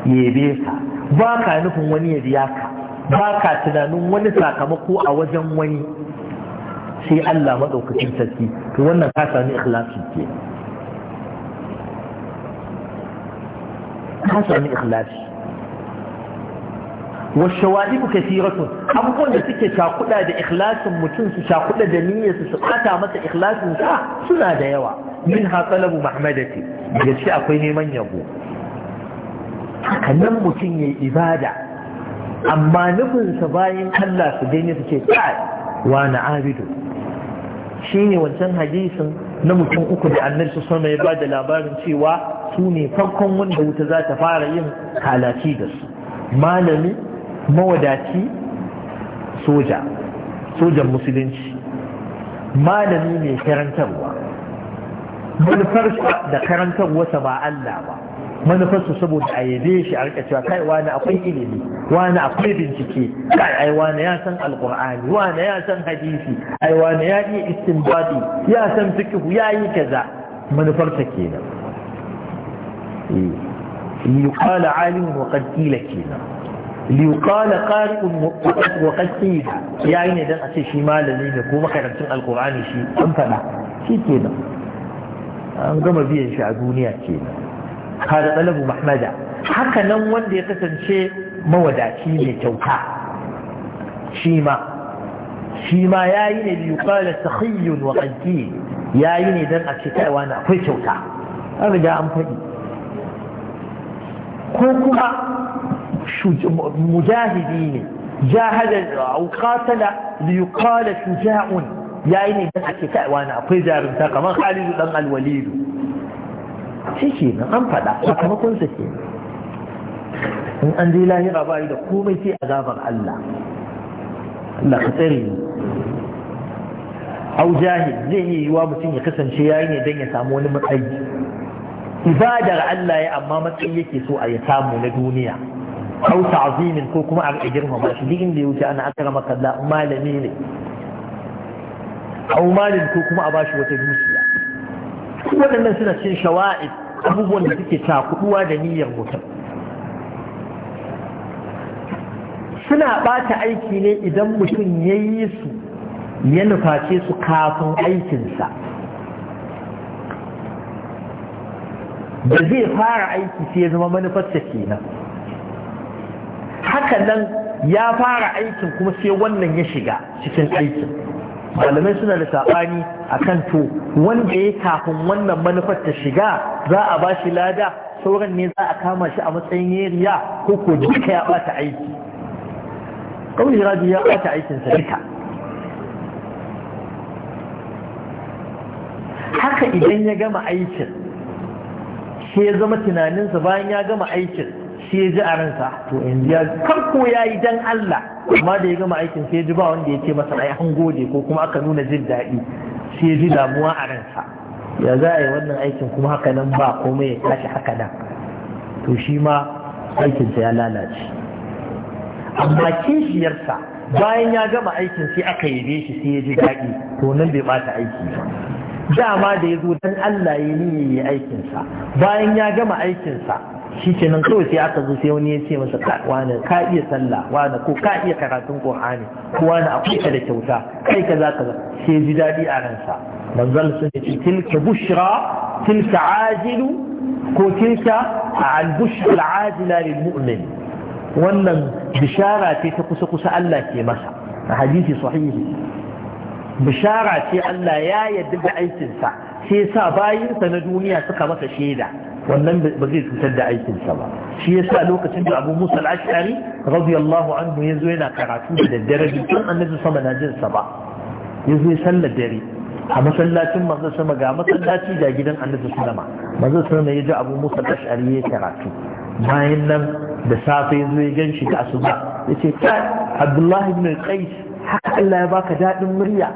Yebe ka ba ka nufin wani ya biya ka ba ka tunanin wani sakamako a wajen wani sai Allah maɗaukacin sarki to wannan ka sami ikhlasi ke ka sami ikhlasi والشوائب su أبقون لسك شاقلة su, إخلاص da شاقلة دا نية سقاطة مثل إخلاص مساء سنة دا يوى منها طلب محمدتي جسي أقيني من يبو haka nan mutum ya yi ibada amma nufinsa bayan Allah su daina su ce kai wa na abidu shi ne wancan hadisin na mutum uku da annar su sama ya bada labarin cewa su ne farkon wanda wuta za ta fara yin halaci da su malami mawadaci soja sojan musulunci malami mai karantarwa manufar da karantarwa ba Allah ba manufarsu saboda a yabe shi a rikacewa. kai wani akwai ilimi wani akwai bincike kai ai wani ya san alqur'ani wani ya san hadisi ai wani ya iya istinbadi ya san fiqh ya yi kaza ta kenan ليقال عالم وقد قيل كينا ليقال قارئ وقد قيل يعني إذا أتي شي مالني shi. An القرآن shi kenan. An gama biyan shi a duniya kenan. Kada talabu mahmada haka nan wanda ya kasance mawadaci mai kyauta Shima ma shi ma yayi ne biyu qala sakhiyyun wa qanti yayi ne dan a ce kai wani akwai kyauta an riga an faɗi ko kuma mujahidi ne jahada au qatala li yuqala shuja'un yayi ne dan a ce kai wani akwai jarumta kamar Khalid dan al-Walid shi ke nan an faɗa sakamakonsa ke in an je lahira ba da komai sai azabar Allah Allah ka tsare ni au jahil zai iya yiwa mutum ya kasance yayi ne don ya samu wani matsayi ibadar Allah ya amma matsayi yake so a ya samu na duniya au ta'zimin ko kuma a girmama shi duk da ya wuce ana akara maka malami ne au malin ko kuma a bashi wata dukiya waɗannan suna cin shawa'id abubuwan da suke cakuduwa da niyyar mutum suna ɓata aiki ne idan mutum ya yi su ya nuface su kafin aikinsa da zai fara aiki sai ya zama manufarsa kenan haka nan ya fara aikin kuma sai wannan ya shiga cikin aikin malamai suna da saɓani a kan to wanda ya kafin wannan manufar ta shiga za a ba shi lada sauran ne za a kama shi a matsayin yariya ko ko duka ya ɓata aiki kawai rabi ya ɓata aikinsa duka haka idan ya gama aikin sai ya zama tunaninsa bayan ya gama aikin sai ya ji a ransa to yanzu ya farko ya yi dan Allah amma da ya gama aikin sai ya ji ba wanda ya ce masa ai an gode ko kuma aka nuna jin daɗi sai ya ji damuwa a ransa ya za a yi wannan aikin kuma haka nan ba komai ya tashi haka nan to shi ma aikinsa ya lalace amma kishiyarsa bayan ya gama aikin sai aka yabe shi sai ya ji daɗi to nan bai bata aiki ba dama da ya zo don Allah ya yi aikinsa bayan ya gama aikinsa shi ke nan kawai sai aka zo sai wani ya ce masa wani ka iya sallah wani ko ka iya karatun ƙorani ko wani akwai ka da kyauta kai ka za ka sai ji daɗi a ransa manzal sun ce tilka bushra tilka ajilu ko tilka al-bushra al-ajila lil mu'min wannan bishara ce ta kusa kusa Allah ke masa a hadisi sahihi bishara ce Allah ya yarda da aikinsa sai sa bayinsa na duniya suka masa shaida wannan ba zai cutar da aikinsa ba shi yasa lokacin da abu musa al'ashari radiyallahu anhu ya zo yana karatu da daddare bikin annabi sama na jin sa ba ya zo ya sallar dare a masallacin manzo sama ga masallaci da gidan annabi sallama manzo sama ya ji abu musa al'ashari ya karatu bayan nan da safe ya zo ya gan shi da asuba ya ce kai abdullahi ibn qais haka Allah ya baka dadin murya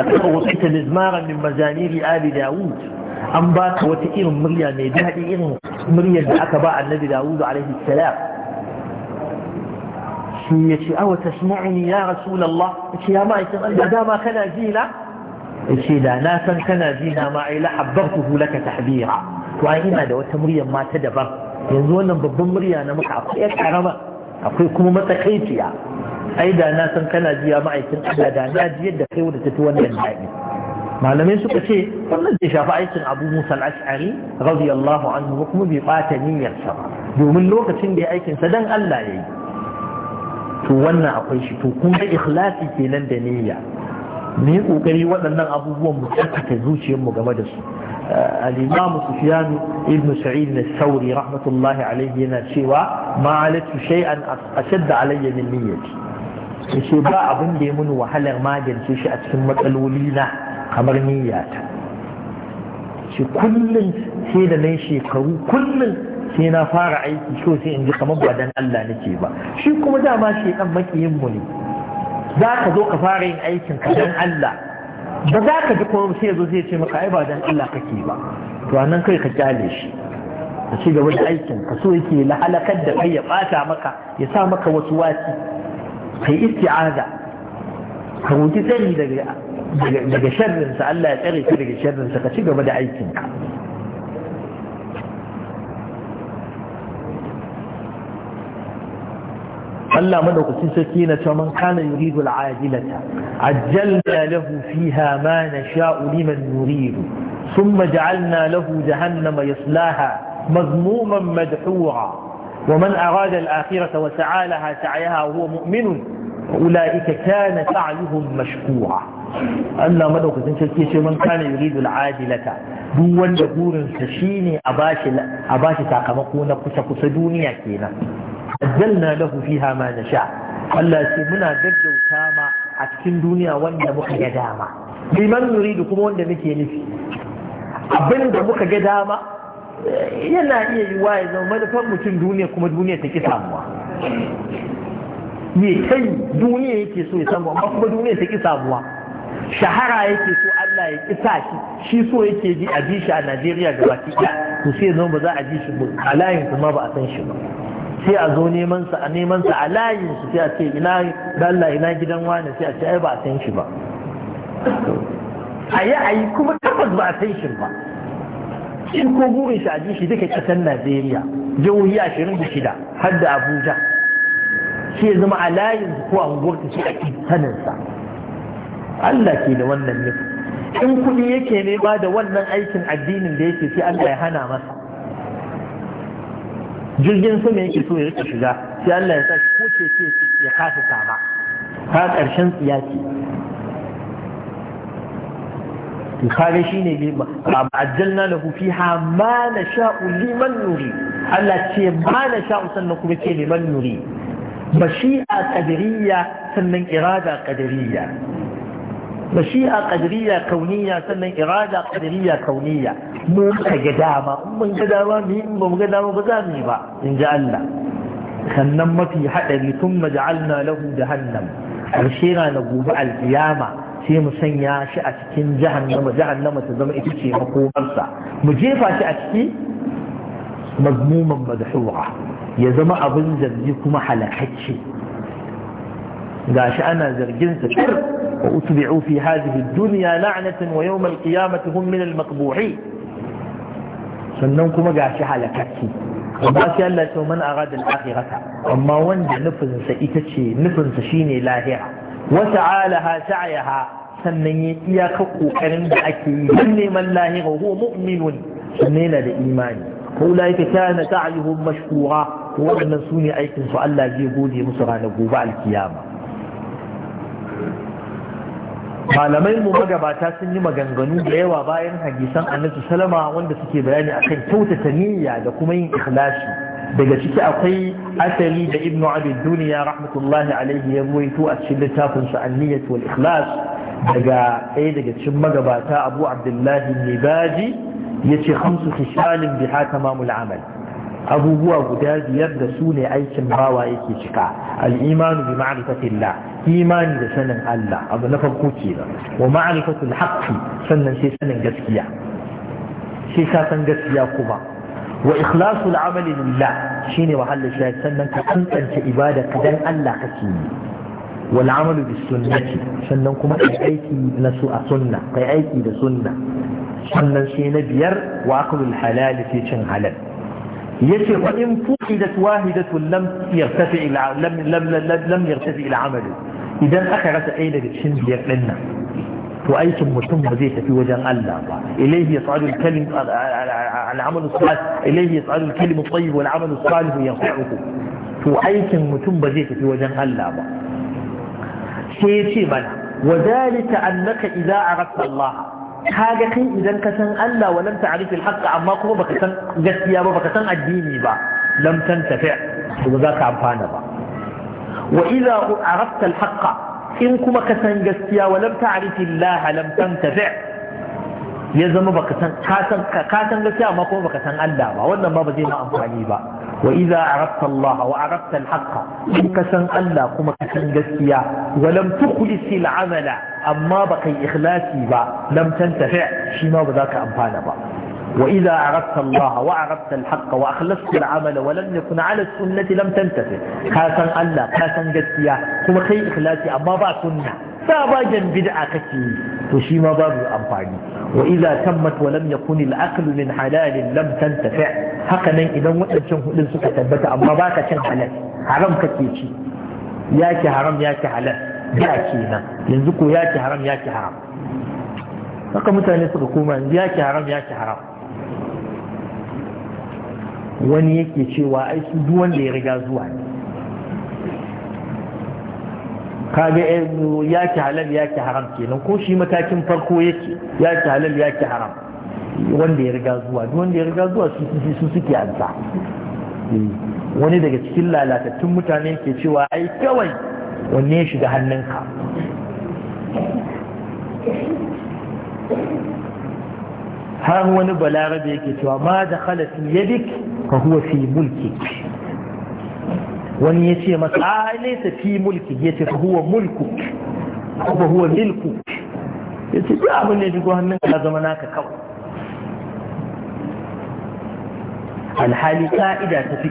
laqad wasita mizmaran min mazaniri ali daud an ba ka wata irin murya mai daɗi irin muryar da aka ba annabi dawudu alaihi salam shi ya ce awa tasma'uni ya rasulallah ya ce ya ma'aikin Allah dama kana ji na ya ce da na san kana ji na ma ai la habbartuhu laka tahbira to ai ina da wata murya ma ta daban yanzu wannan babban murya na muka akwai yar karama akwai kuma matsakaiciya ai da na san kana ji ya ma'aikin Allah da na ji yadda kai wadda ta fi wannan daɗi malamai suka ce wannan zai shafi aikin abu musa al'ashari radiyallahu anhu kuma bai bata niyyarsa ba domin lokacin da ya aikin sa dan Allah ya yi to wannan akwai shi to kuma ikhlasi kenan da niyya mu yi waɗannan abubuwan mu tsarkake zuciyar mu game da su eh, al-imam sufyan sa'id al-thawri rahmatullahi alayhi yana cewa ma alatu shay'an ashadda alayya min niyyati yace ba abin da ya mun wahalar magance shi a cikin matsaloli na kamar niyyata shi kullum sai da nan shekaru kullum sai na fara aiki so sai in ji kamar ba dan Allah nake ba shi kuma dama shi dan makiyin mu ne za ka zo ka fara yin aikin ka dan Allah ba za ka ji kuma sai zo zai ce maka ai ba dan Allah kake ba to anan kai ka kyale shi ka ci gaba da aikin ka so yake lahalakar da kai ya bata maka ya sa maka wasu wasi kai isti'aza هو انت تاني لك من أقسم سكينة ومن كان يريد العاجلة عجلنا له فيها ما نشاء لمن نريد ثم جعلنا له جهنم يصلاها مذموما مدحورا ومن أراد الآخرة وسعى لها سعيها وهو مؤمن ula'ika kana sa'yuhum mashkura Allah madaukakin sarki ce man kana yuridu al'adilata duk wanda burin sa shine a bashi a bashi sakamako na kusa kusa duniya kenan ajalna lahu fiha ma nasha Allah ce muna gaggauta ma a cikin duniya wanda muka ga dama liman yuridu kuma wanda muke nufi abinda muka ga dama yana iya yiwa ya zama manufan mutum duniya kuma duniya ta ki samuwa me kai duniya yake so ya samu amma kuma duniya ta ki samuwa shahara yake so Allah ya ki sa shi shi so yake ji a ji shi a Najeriya da baki ɗaya to sai zo ba za a ji shi a layin kuma ba a san shi ba sai a zo neman sa a neman sa a layin su sai a ce ina da Allah ina gidan wani sai a ce ai ba a san shi ba a yi a yi kuma tabbas ba a san shi ba shi ko burin shi a ji shi duka ƙasar Najeriya jihohi ashirin da shida har da Abuja shi ya zama a layin ko a unguwarka shi ake saninsa Allah ke da wannan nufi in kuɗi yake ne ba da wannan aikin addinin da yake sai Allah ya hana masa jirgin sama yake so ya rika shiga sai Allah ya sa ko ce ce ya kasa sama Ta ƙarshen tsiya ce kaga shi ne ba ajjalna lahu fiha ma na sha'u liman nuri Allah ce ma na sannan kuma ce liman nuri mashi'a qadariyya sannan irada qadariyya mashi'a qadariyya kauniya sannan irada qadariyya kauniya mu ka ga dama in mun ga dama mu yi in ba mu ga dama ba za mu yi ba in ji Allah sannan mafi haɗari tun maja'alna lahu jahannam karshe na na gobe alkiyama sai mu sanya shi a cikin jahannama jahannama ta zama ita ce makomarsa mu jefa shi a ciki mazmuman madhura ya zama abin zargi kuma halakacce gashi ana zargin sa shir wa utbi'u fi hadhihi dunya la'natan wa yawm al-qiyamati hum min al-maqbuhin sannan kuma gashi halakacce amma sai Allah ya man arada al-akhirata amma wanda nufin sa ita ce nufin sa shine lahira wa ta'alaha sa'yaha sannan ya iyaka kokarin da ake yi don neman lahira huwa mu'minun sannan yana da imani ko la yake kana ta'ayuhum mashkura waɗannan su ne su Allah zai gode musu ranar gobe alkiyama malamai mu magabata sun yi maganganu da yawa bayan hadisan annabi salama wanda suke bayani akan kyautata niyya da kuma yin ikhlasi daga ciki akwai asali da ibnu abid duniya rahmatullahi alaihi ya ruwaito a cikin littafin sa anniyat niyyat wal ikhlas daga ɗaya daga cikin magabata abu abdullahi nibaji yace khamsu khisalin biha tamamul amal abubuwa guda biyar da su ne aikin bawa yake cika al'imanu bi ma'rifatillah imani da sanin Allah abu na farko kenan wa ma'rifatul haqqi sannan sai sanin gaskiya sai ka san gaskiya kuma wa ikhlasul amali lillah shine mahallin shayi sannan ka tantance ibada ka dan Allah kake yi والعمل بالسنة sannan kuma kai aiki na su a sunna kai aiki da sunna sannan shi na biyar wa akulul halali fi cin halal يشر وإن فقدت واحدة لم يرتفع إلى لم لم لم, يرتفع إلى عمله إذا أخرت أين الشن لنا وأي ثم ثم في وجه الله إليه يصعد الكلم آه، آه، آه، العمل الصالح إليه يصعد الكلم الطيب والعمل الصالح ينفعه وأي ثم ثم في وجه الله شيء شيء بنا وذلك أنك إذا عرفت الله Ka ga kai idan ka san Allah wa lam ta'rif al-haqq amma kuma baka san gaskiya ba baka san addini ba lam tantafi Kuma ba za ka amfana ba wa idza arafta al-haqq in kuma ka san gaskiya wa lam ta'rif Allah lam tantafi ya zama baka san ka san ka san gaskiya amma kuma baka san Allah ba wannan ba ba zai ma amfani ba wa idza arafta Allah wa arafta al-haqq in ka san Allah kuma ka san gaskiya wa lam tukhlis al-amala amma ba ka yi ikhlasi ba lam tantafi shi ba za ka amfana ba wa idza aradta Allah wa aradta al wa akhlasta al-amal wa lam yakun ala sunnati lam tantafi ka Allah kasan gaskiya kuma kai ikhlasi amma ba sunna ba ba jan bid'a kake to shi ma babu amfani wa idza tammat wa lam yakun al-aql min halal lam tantafi haka nan idan wadancan hudun suka tabbata amma baka ka cin halal haram kake ci yake haram yake halal da kenan yanzu ko ya ki haram ya ki haram haka mutane suka koma yanzu ya ki haram ya ki haram wani yake cewa ai su duk wanda ya riga zuwa ne kaga eh, ya ki halal ya ki haram kenan ko shi matakin farko yake ya ki halal ya ki haram wanda ya riga zuwa duk wanda ya riga zuwa su suke ansa eh, wani daga cikin lalatattun mutane ke cewa ai kawai wanne ya shiga hannunka har wani balarabe yake cewa ma da fi yadik ka huwa fi mulki wani ya ce masa a laisa fi mulki ya ce ka huwa mulku ko ka huwa milku ya ce duk abin da ya shigo hannunka ya zama naka kawai alhali ka'ida ta fi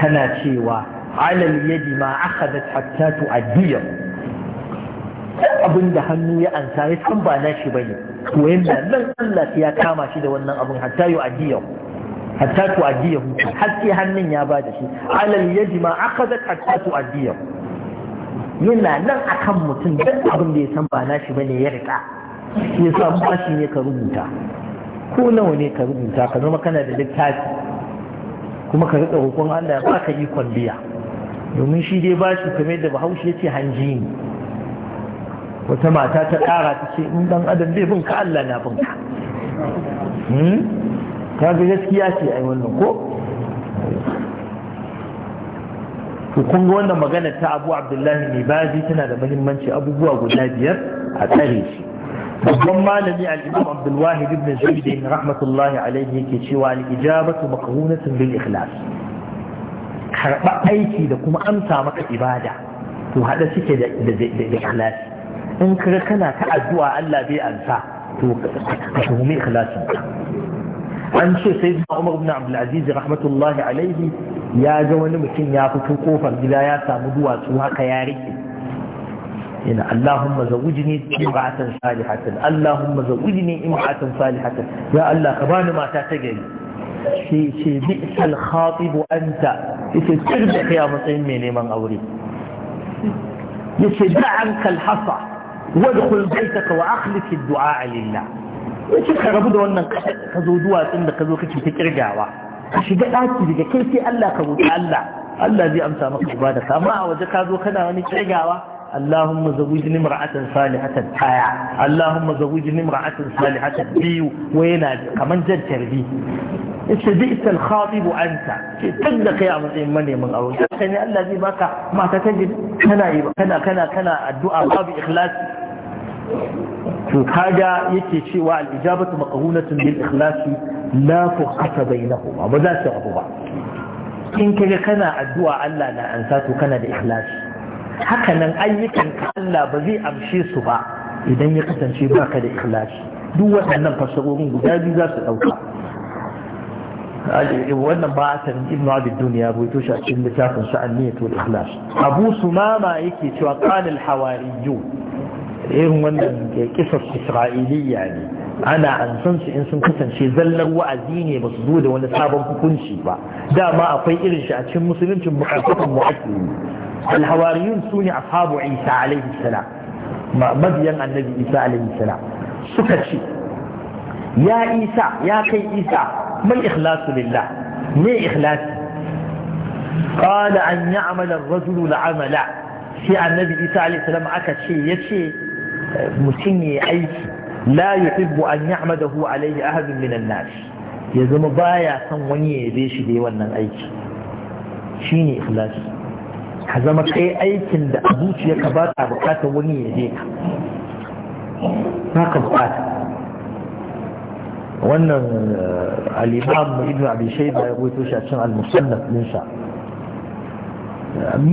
tana cewa على اليد ما أخذت حتى تؤديه abin da hannu ya ansa ya san ba na shi bane to yanda nan Allah ya kama shi da wannan abin hatta yu adiyahu hatta tu adiyahu har sai hannun ya bada shi alal yadi ma akhadhat hatta tu adiyahu yana nan akan mutum duk abin da ya san ba na shi bane ya rika Ya shi yasa shi ne ka rubuta ko nawa ne ka rubuta ka zama kana da littafi kuma ka rika hukun Allah ba ka ikon biya domin shi dai ba shi kamar da bahaushe ce hanji ne wata mata ta ƙara ta ce in dan adam bai bin ka Allah na bin ka ta hmm? ga gaskiya ce ai wannan ko to kun ga wannan magana ta Abu Abdullahi Nibazi tana da muhimmanci abubuwa guda biyar a tsare shi babban malami al-Imam Abdul Wahid ibn Zaid rahmatullahi alayhi yake cewa al-ijabatu maqrunatun bil ikhlas karɓa aiki da kuma amsa maka ibada to haɗa suke da ikhlasi in kaga kana ta addu'a Allah bai ansa to ka tuhumi ikhlasin an ce sai da Umar ibn Abdul Aziz rahmatullahi alaihi ya ga wani mutum ya fito kofar gida ya samu duwatsu haka ya rike إن اللهم زوجني امرأة صالحة اللهم زوجني ya allah ka bani mata ta gari. shi ce bi alkhatibu anta yace sir da kai a matsayin mai neman aure yace da an kalhasa wadkhul ka wa akhlis ad-du'a lillah yace ka rabu da wannan ka zo duwatsun da ka zo kake ta kirgawa ka shiga daki daga kai sai Allah ka roki Allah Allah zai amsa maka ibada amma a waje ka zo kana wani kirgawa اللهم زوجني امرأة صالحة حياة اللهم زوجني امرأة صالحة بي وينا كمان جد تربي إيش بئس الخاطب أنت تدق يا مزين مني من أول يعني الذي زي ما تتجد كنا كنا كنا كنا الدعاء باب إخلاص to kaga yake cewa al-ijabatu maqhunatun bil ikhlasi la fuqata bainahuma ba za su rabu ba in hakanan ayyukan Allah ba zai amshe su ba idan ya kasance baka da ikhlasi duk waɗannan fasarorin guda biyu za su ɗauka wannan ba a san ibnu abid duniya bai to shi a cikin littafin sa anniyatul ikhlas abu sumama yake cewa qala al irin wannan kisar isra'iliya ne ana an san su in sun kasance zallar wa'azi ne ba su zo da wani sabon hukunci ba dama akwai irin shi a cikin musuluncin bukatun mu'akkili alhawariyun su ne ashabu isa alaihi salam mabiyan annabi isa alaihi salam suka ce ya isa ya kai isa mai ikhlasu lillah me ikhlasi قال أن يعمل الرجل العمل في النبي إيسى عليه السلام أكتشي يتشي مسيني أيك لا يحب أن يعمده عليه أحد من الناس يزم بايا سنوني بيش دي ونن أيك شيني إخلاص ka zama kai aikin da a zuciyarka ba ta bukatar wani ya je ka ka bukata wannan al-imam ibn abi shayba ya rawaito shi a cikin al-musannaf din sa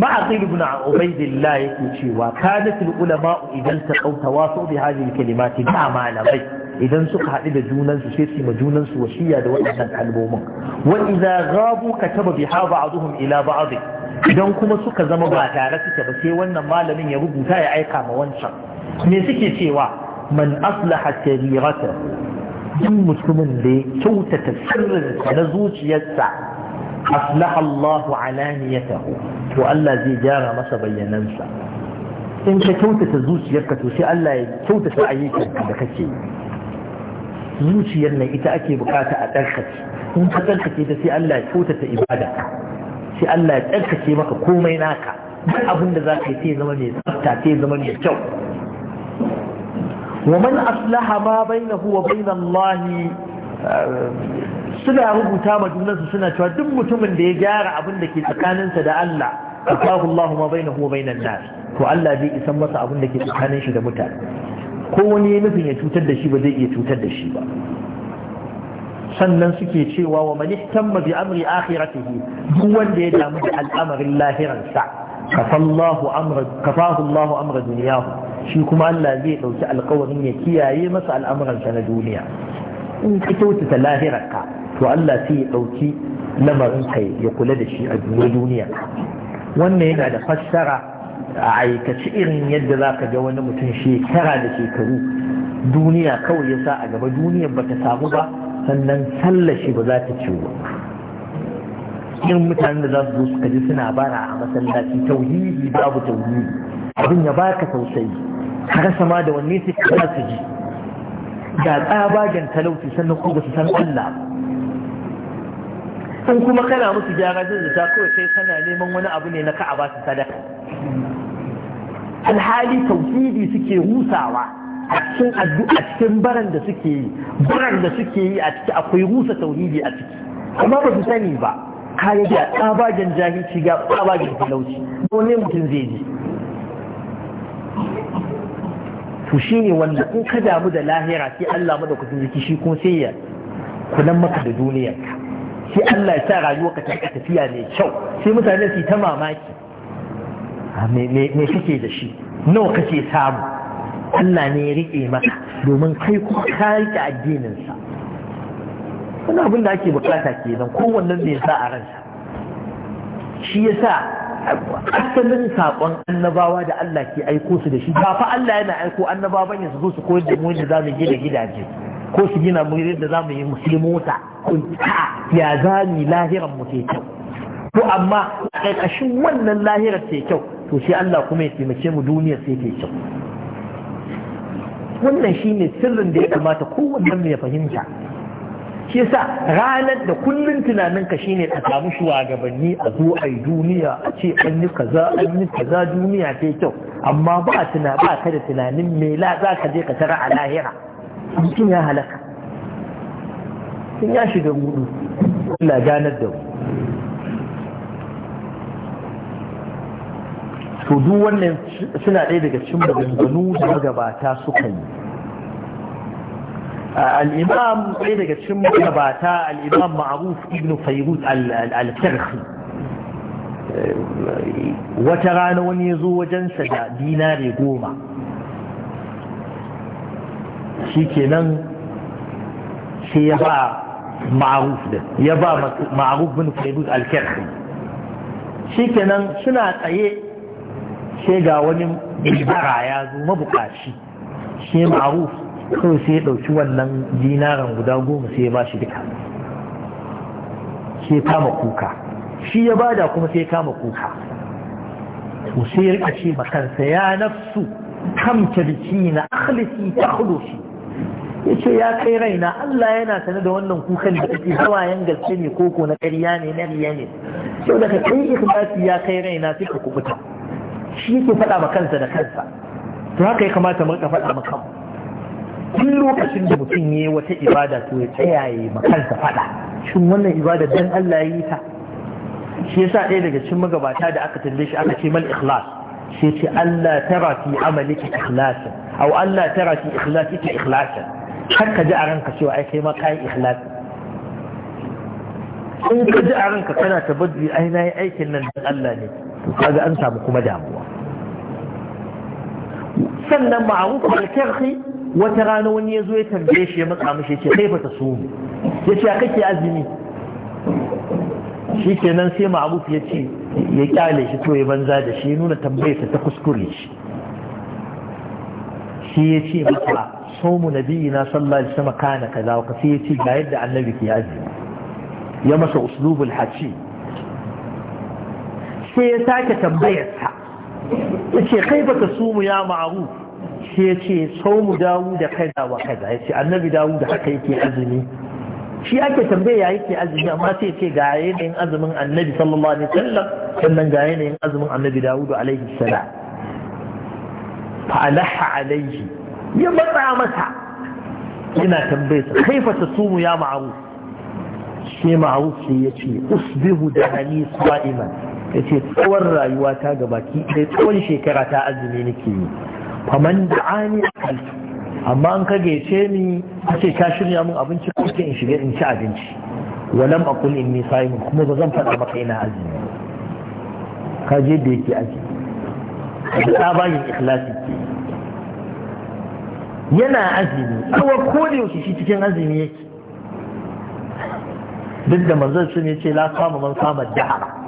ma aqil ibn ubaydillah yake cewa kanat al-ulama idan taqaw tawasu bi hadhihi al-kalimat da malamai idan suka hadu da junan su sai su ma junan su wasiya da waɗannan kalmomin wa idza ghabu kataba bi biha ba'dhum ila ba'd idan kuma suka zama ba tare suke ba sai wannan malamin ya rubuta ya aika ma wancan me suke cewa man aslaha sarirata duk mutumin da ya kyautata sirrinsa na zuciyarsa aslaha Allah alaniyatahu to Allah zai gyara masa bayyanansa in ka kyautata zuciyarka to sai Allah ya kyautata ayyukan da kake zuciyar nan ita ake bukata a tsarkace in ka tsarkace ta sai Allah ya kyautata ibada sai Allah ya tsarkake maka komai naka duk abin da za ka yi sai zama mai tsafta sai zama mai kyau wa man aslaha ma bainahu wa bainallahi eh, suna rubuta ma junansu suna cewa duk mutumin da ya gyara abin da ke tsakaninsa da Allah akahu Allahu ma bainahu wa bainan nas to Allah zai isan masa abin da ke tsakanin shi da mutane ko wani ya nufin ya cutar da shi ba zai iya cutar da shi ba sannan suke cewa wa man ihtamma bi amri akhiratihi duk wanda ya damu da al'amarin lahiransa kafallahu amra kafahu Allahu amra dunyahu shi kuma Allah zai dauki alƙawarin ya kiyaye masa al'amuran sa na duniya in ka kyautata lahirarka to Allah sai ya dauki lamarin kai ya kula da shi a duniya wannan yana da fassara a aikace irin yadda za ka ga wani mutum shekara da shekaru duniya kawai ya sa a gaba duniyar ba ta samu ba sannan sallashi ba za ta ciwo in mutanen da za su zo suka ji suna bara a masallaci tauhidi babu tauhidi abin ya baka tausayi ka rasa ma da wanne su ka su ji ga tsabagen talauci sannan ko ba su san Allah in kuma kana musu gyara zai ta kawai sai kana neman wani abu ne na a su sadaka alhali tauhidi suke husawa a cikin addu'a cikin baran da suke yi baran da suke yi a ciki akwai rusa tauhidi a ciki amma ba su sani ba kaya da tsabagen jahilci ga tsabagen talauci wani mutum zai ji to shi ne wanda in ka damu da lahira sai Allah madaukakin jiki shi kuma sai ya kudan maka da duniyarka sai Allah ya sa rayuwarka ta tafiya mai kyau sai mutane su ta mamaki ah, me kake da shi nawa kake samu Allah ne ya riƙe maka domin kai kuma ka riƙe addininsa wani abin da ake bukata kenan ko da ya sa a ransa shi ya sa asalin saƙon annabawa da Allah ke aiko su da shi ba fa Allah yana aiko annabawa ya zo su koyar da mu yadda za mu gina gidaje ko su gina mu yadda za mu yi musulmota ko ya za mu lahiran mu ke kyau to amma a ƙarƙashin wannan lahirar ce kyau to sai Allah kuma ya taimake mu duniyar sai ke kyau wannan shine sirrin da ya kamata kowanne mai fahimta shi yasa ranar da kullun tunaninka ne a samu shugabanni a zo a yi duniya a ce an yi kaza an yi kaza duniya ta kyau amma ba tuna ba ka da tunanin me la za ka je ka tara a lahira mutum ya halaka sun ya shiga gudu Allah ganar da mu to duk wannan suna ɗaya daga cikin maganganu da magabata suka yi al'imam ɗaya daga cikin magabata al'imam ma'aruf ibn fairuz al-tarhi wata rana wani ya zo wajensa da dinare goma shi kenan sai ya ba ma'aruf da ya ba ma'aruf bin fairuz al-tarhi shi kenan suna tsaye sai ga wani bara ya zo mabukaci shi ma'aruf kawai sai ya ɗauki wannan dinaran guda goma sai ya ba shi duka sai kama kuka shi ya bada kuma sai kama kuka to sai ya rikace makansa ya nafsu kamta biki na akhlisi ta khulusi ya ce ya kai raina Allah yana sane da wannan kukan da kake 'yan gaske ne koko na ƙarya ne na riya ne sau daga kai ikhlasi ya kai raina sai ka kubuta shi yake faɗa ma kansa da kansa to haka ya kamata mu rika faɗa ma kanmu duk lokacin da mutum yayi wata ibada to ya tsayaye yayi ma kansa faɗa shin wannan ibada dan Allah ya yi ta shi yasa ɗaya daga cikin magabata da aka tambaye shi aka ce mal ikhlas shi ce Allah tara fi amalika ikhlasan aw Allah tara fi ikhlasika ikhlasan har ka ji a ranka cewa ai kai ma kai ikhlasan in ka ji a ranka kana tabbaji ai nayi aikin nan dan Allah ne kaga an samu kuma damuwa sannan ma'aruf da karhi wata rana wani ya zo ya tambaye shi ya matsa mishi ce kai bata so mu ya ce kake azumi shi kenan sai ma'aruf ya ce ya kyale shi to ya banza da shi nuna tambayarsa ta kuskure shi shi ya ce masa somu nabiyina sallallahu alaihi wasallam kana kaza wa sai ya ce ga yadda annabi ke azumi ya masa uslubul hajji sai ya sake tambayarsa ya ce kai baka sumu ya ma'aru sai ya ce saumu dawu da kaza wa kaza ya ce annabi dawu da haka yake azumi shi ake tambaya yake azumi amma sai ya ce ga yanayin azumin annabi sallallahu alaihi sallam. sannan ga yanayin azumin annabi dawudu alaihi salam fa alaha alaihi ya matsa masa yana tambayar sa kaifa tasumu ya ma'ruf sai ma'ruf sai yace usbihu da hani Iman. ta ce tsawon rayuwa ta gabaki ɗaya tsawon shekara ta azumi nake yi faman da'ani alfu amma an gece ni a ce ka shirya min abinci ko in shiga in ci abinci walam aqul inni sa'im kuma ba zan faɗa maka ina azumi ka je da yake azumi da tsabayin ikhlasi ke yana azumi kawo ko da shi cikin azumi yake duk da manzon sun ce la kama man kama dahara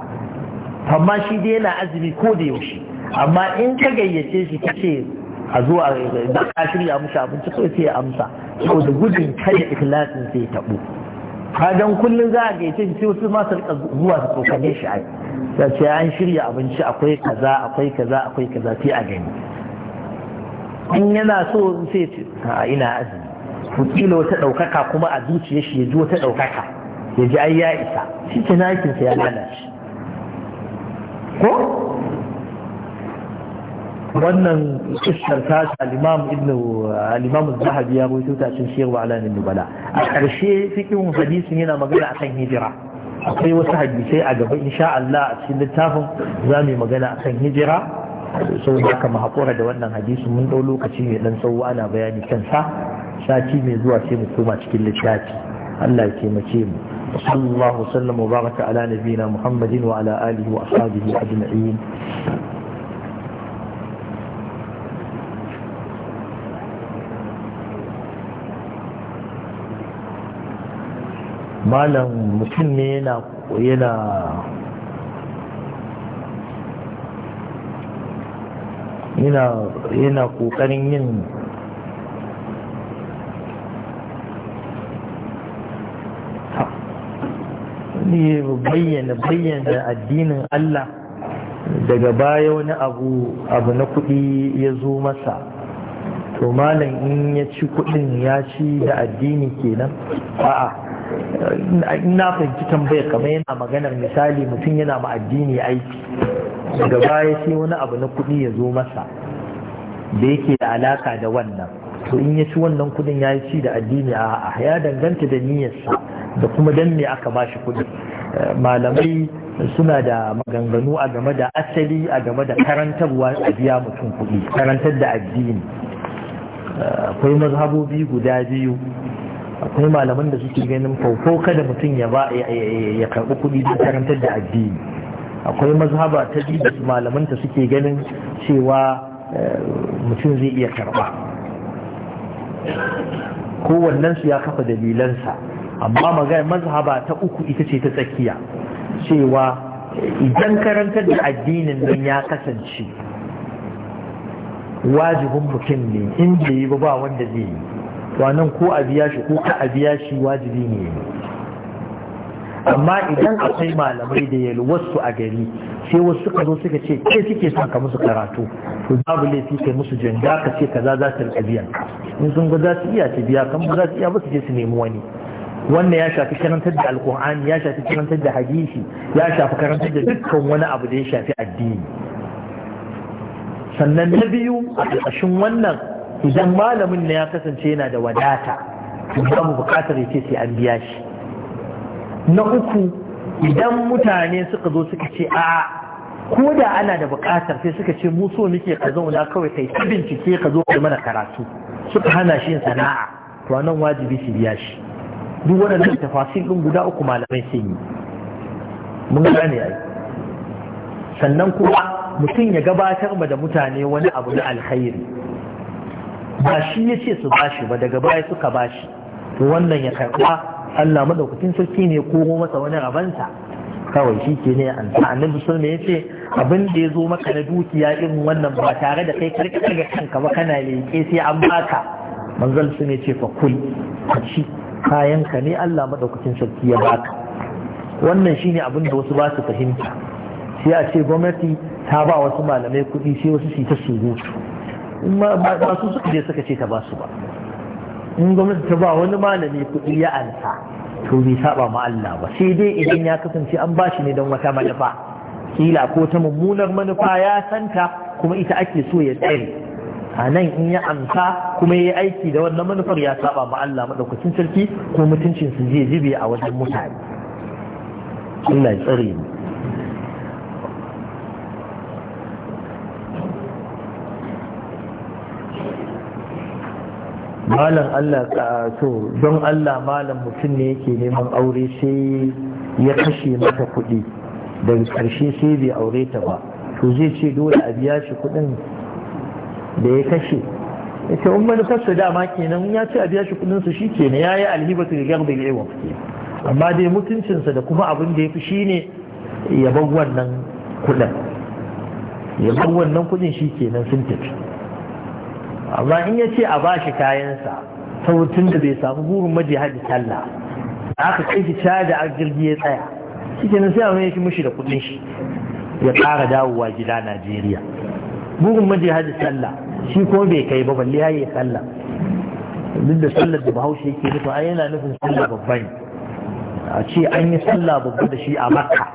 amma shi dai yana azumi ko da yaushe amma in ka gayyace shi ka ce a zuwa da ka shirya musu abinci ko sai ya amsa saboda gudun kada ikhlasin sai ya ka dan kullum za a gayyace shi wasu ma su rika zuwa su tsokane shi ai da ce an shirya abinci akwai kaza akwai kaza akwai kaza sai a gani in yana so sai ce a ina azumi ku kila wata ɗaukaka kuma a zuciyar shi ya ji wata ɗaukaka ya ji ai ya isa shi ke na yakin ya lalace ko wannan kisar ta shi ibn alimam zahabi ya rawaito ta cikin ala alamin nubala a ƙarshe fiqhun hadisin yana magana akan hijira akwai wasu hadisai a gaba insha Allah a cikin littafin za mu yi magana akan hijira sau da aka mahaƙura da wannan hadisi mun ɗau lokaci mai ɗan tsawo ana bayani kansa sati mai zuwa sai mu koma cikin littafi Allah ya taimake mu وصلى الله وسلم وبارك على نبينا محمد وعلى آله وأصحابه أجمعين مالاً مسلمين ويلا yana yana yana kokarin yin ne bayyana bayyana addinin Allah daga baya wani abu abu na kuɗi ya zo masa to malam in ya ci kuɗin ya ci da addini kenan a'a na fahimci tambayar kamar yana maganar misali mutum yana ma addini aiki daga baya sai wani abu na kuɗi ya zo masa da yake da alaka da wannan to in ya ci wannan kuɗin ya ci da addini a'a ya danganta da niyyarsa da kuma dan ne aka ba shi kuɗi malamai suna da maganganu a game da asali a game da karantarwa a biya mutum kuɗi karantar da addini akwai mazhabobi guda biyu akwai malaman da suke ganin fauko kada mutum ya ba ya karɓi kuɗi don karantar da addini akwai mazhaba ta biyu da malamanta suke ganin cewa eh, mutum zai iya karɓa kowannensu ya kafa dalilansa amma magana mazhaba ta uku ita ce ta tsakiya cewa idan karantar da addinin nan ya kasance wajibin mutum ne in bai yi ba wanda zai yi wannan ko a biya shi ko ka a biya shi wajibi ne amma idan akwai malamai da yalwarsu a gari sai wasu suka zo suka ce ke suke son ka musu karatu to babu laifi kai musu janga ka ce kaza za ta rika biyan in sun ga za su iya ta biya kan ba za su iya ba su je su nemi wani wannan ya shafi karantar da alkur'ani ya shafi karantar da hadisi ya shafi karantar da dukkan wani abu da ya shafi addini sannan na biyu a ƙarƙashin wannan idan malamin na ya kasance yana da wadata ba mu buƙatar ya ce sai an biya shi na uku idan mutane suka zo suka ce a ko da ana da buƙatar sai suka ce mu so muke ka zauna kawai kai ta bincike ka zo kai mana karatu suka hana shi sana'a to nan wajibi su biya shi duk waɗannan tafasil ɗin guda uku malamai sun yi mun gane ai sannan kuma mutum ya gabatar ma da mutane wani abu na alkhairi ba shi ya ce su bashi ba daga baya suka bashi to wannan ya karɓa Allah madaukakin sarki ne koro masa wani rabansa kawai shi ke ne an sa annabi sallallahu ya ce abin da ya zo maka na dukiya irin wannan ba tare da kai karka daga kanka ba kana leƙe sai an baka manzon sun ce fa kul ci kayanka ne Allah maɗaukacin sarki ya baka wannan shine abin da wasu ba su fahimta sai a ce gwamnati ta ba wasu malamai kuɗi sai wasu su ta surutu su suka je suka ce ta ba su ba in gwamnati ta ba wani malami kuɗi ya ansa to bai saba ma Allah ba sai dai idan ya kasance an ba shi ne don wata manufa kila ko ta mummunar manufa ya santa kuma ita ake so ya tsare a nan in ya amsa kuma ya aiki da wannan manufar ya saba ma Allah maɗaukacin sarki ko mutuncin su zai zube a wajen mutane Allah ya tsare ni malam Allah to don Allah malam mutum ne yake neman aure sai ya kashe mata kuɗi daga ƙarshe sai bai aure ta ba to zai ce dole a biya shi kuɗin da ya kashe ya ce wani manufarsa dama kenan ya ce a biya shi kudinsa shi ke ne ya yi alhiba su garba ya iwa amma dai mutuncinsa da kuma abin da ya fi shi ne ya bar wannan kudin ya bar wannan kudin shi kenan sun tafi amma in ya ce a ba shi kayansa sautin da bai samu burin maji majihadi sallah aka kai shi caja a jirgi ya tsaya shi kenan sai a mai shi mushi da kudin shi ya ƙara dawowa gida najeriya burin maji majihadi sallah shi kuma bai kai ba balle yayi sallah duk da sallar da bahaushe yake nufi ai yana nufin sallah babba ne a ce an yi sallah babba da shi a makka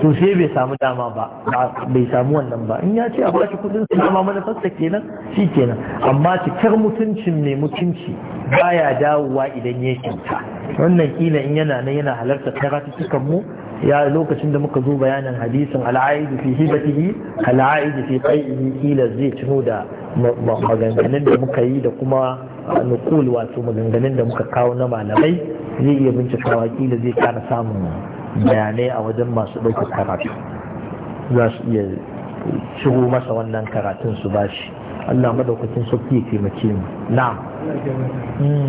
to sai bai samu dama ba bai samu wannan ba in ya ce a bashi kudin su zama mana fasta kenan shi kenan amma cikar mutuncin mai mutunci baya dawowa idan ya kyauta wannan kila in yana nan yana halarta karatu cikan mu ya lokacin da muka zo bayanin hadisin al'aidu fi hibatihi al'aidu fi qai'ihi kila zai tuno da maganganun da muka yi da kuma nukul wato maganganun da muka kawo na malamai zai iya bincika bincikawa kila zai kara samun bayanai a wajen masu ɗaukar karatu za su iya shigo masa wannan karatun su ba shi Allah madaukakin sauki ya mace mu na'am hmm.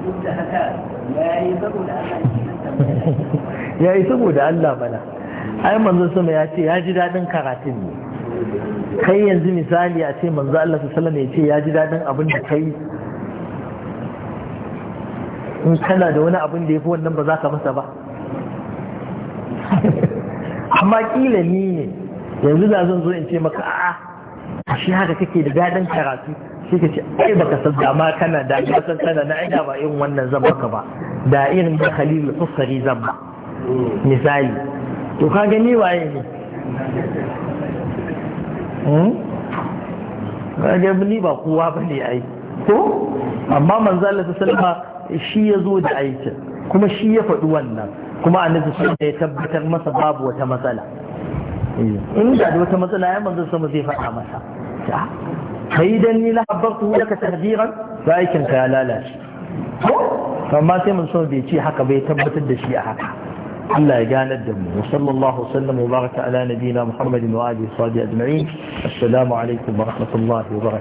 ya yi saboda Allah mana ai manzo sama ya ce ya ji daɗin karatun ne kai yanzu misali a ce manzo Allah sallallahu ya ce ya ji daɗin abin da kai in kana da wani abin da ya fi wannan ba za ka masa ba amma kila ni ne yanzu da zan zo in ce maka a'a a shi haka kake da daɗin karatu sai ka ce ai baka san dama kana da ka san kana na aida ba irin wannan zan baka ba da irin da Khalil tsari zan ba misali to ka gani waye ne hmm? ga ni ba kowa ba ne ai ko amma manzo Allah sallama shi ya zo da aikin kuma shi ya faɗi wannan kuma annabi sun ya tabbatar masa babu wata matsala eh, in da wata matsala ya manzo sama zai faɗa masa فإذا حبرته لك تهديرا فأيكن فعلا لا شيء فما سيمن دي شيء حقا بيتبت الدشي حقا الله يجعل الدم وصلى الله وسلم وبارك على نبينا محمد وآله وصحبه أجمعين السلام عليكم ورحمة الله وبركاته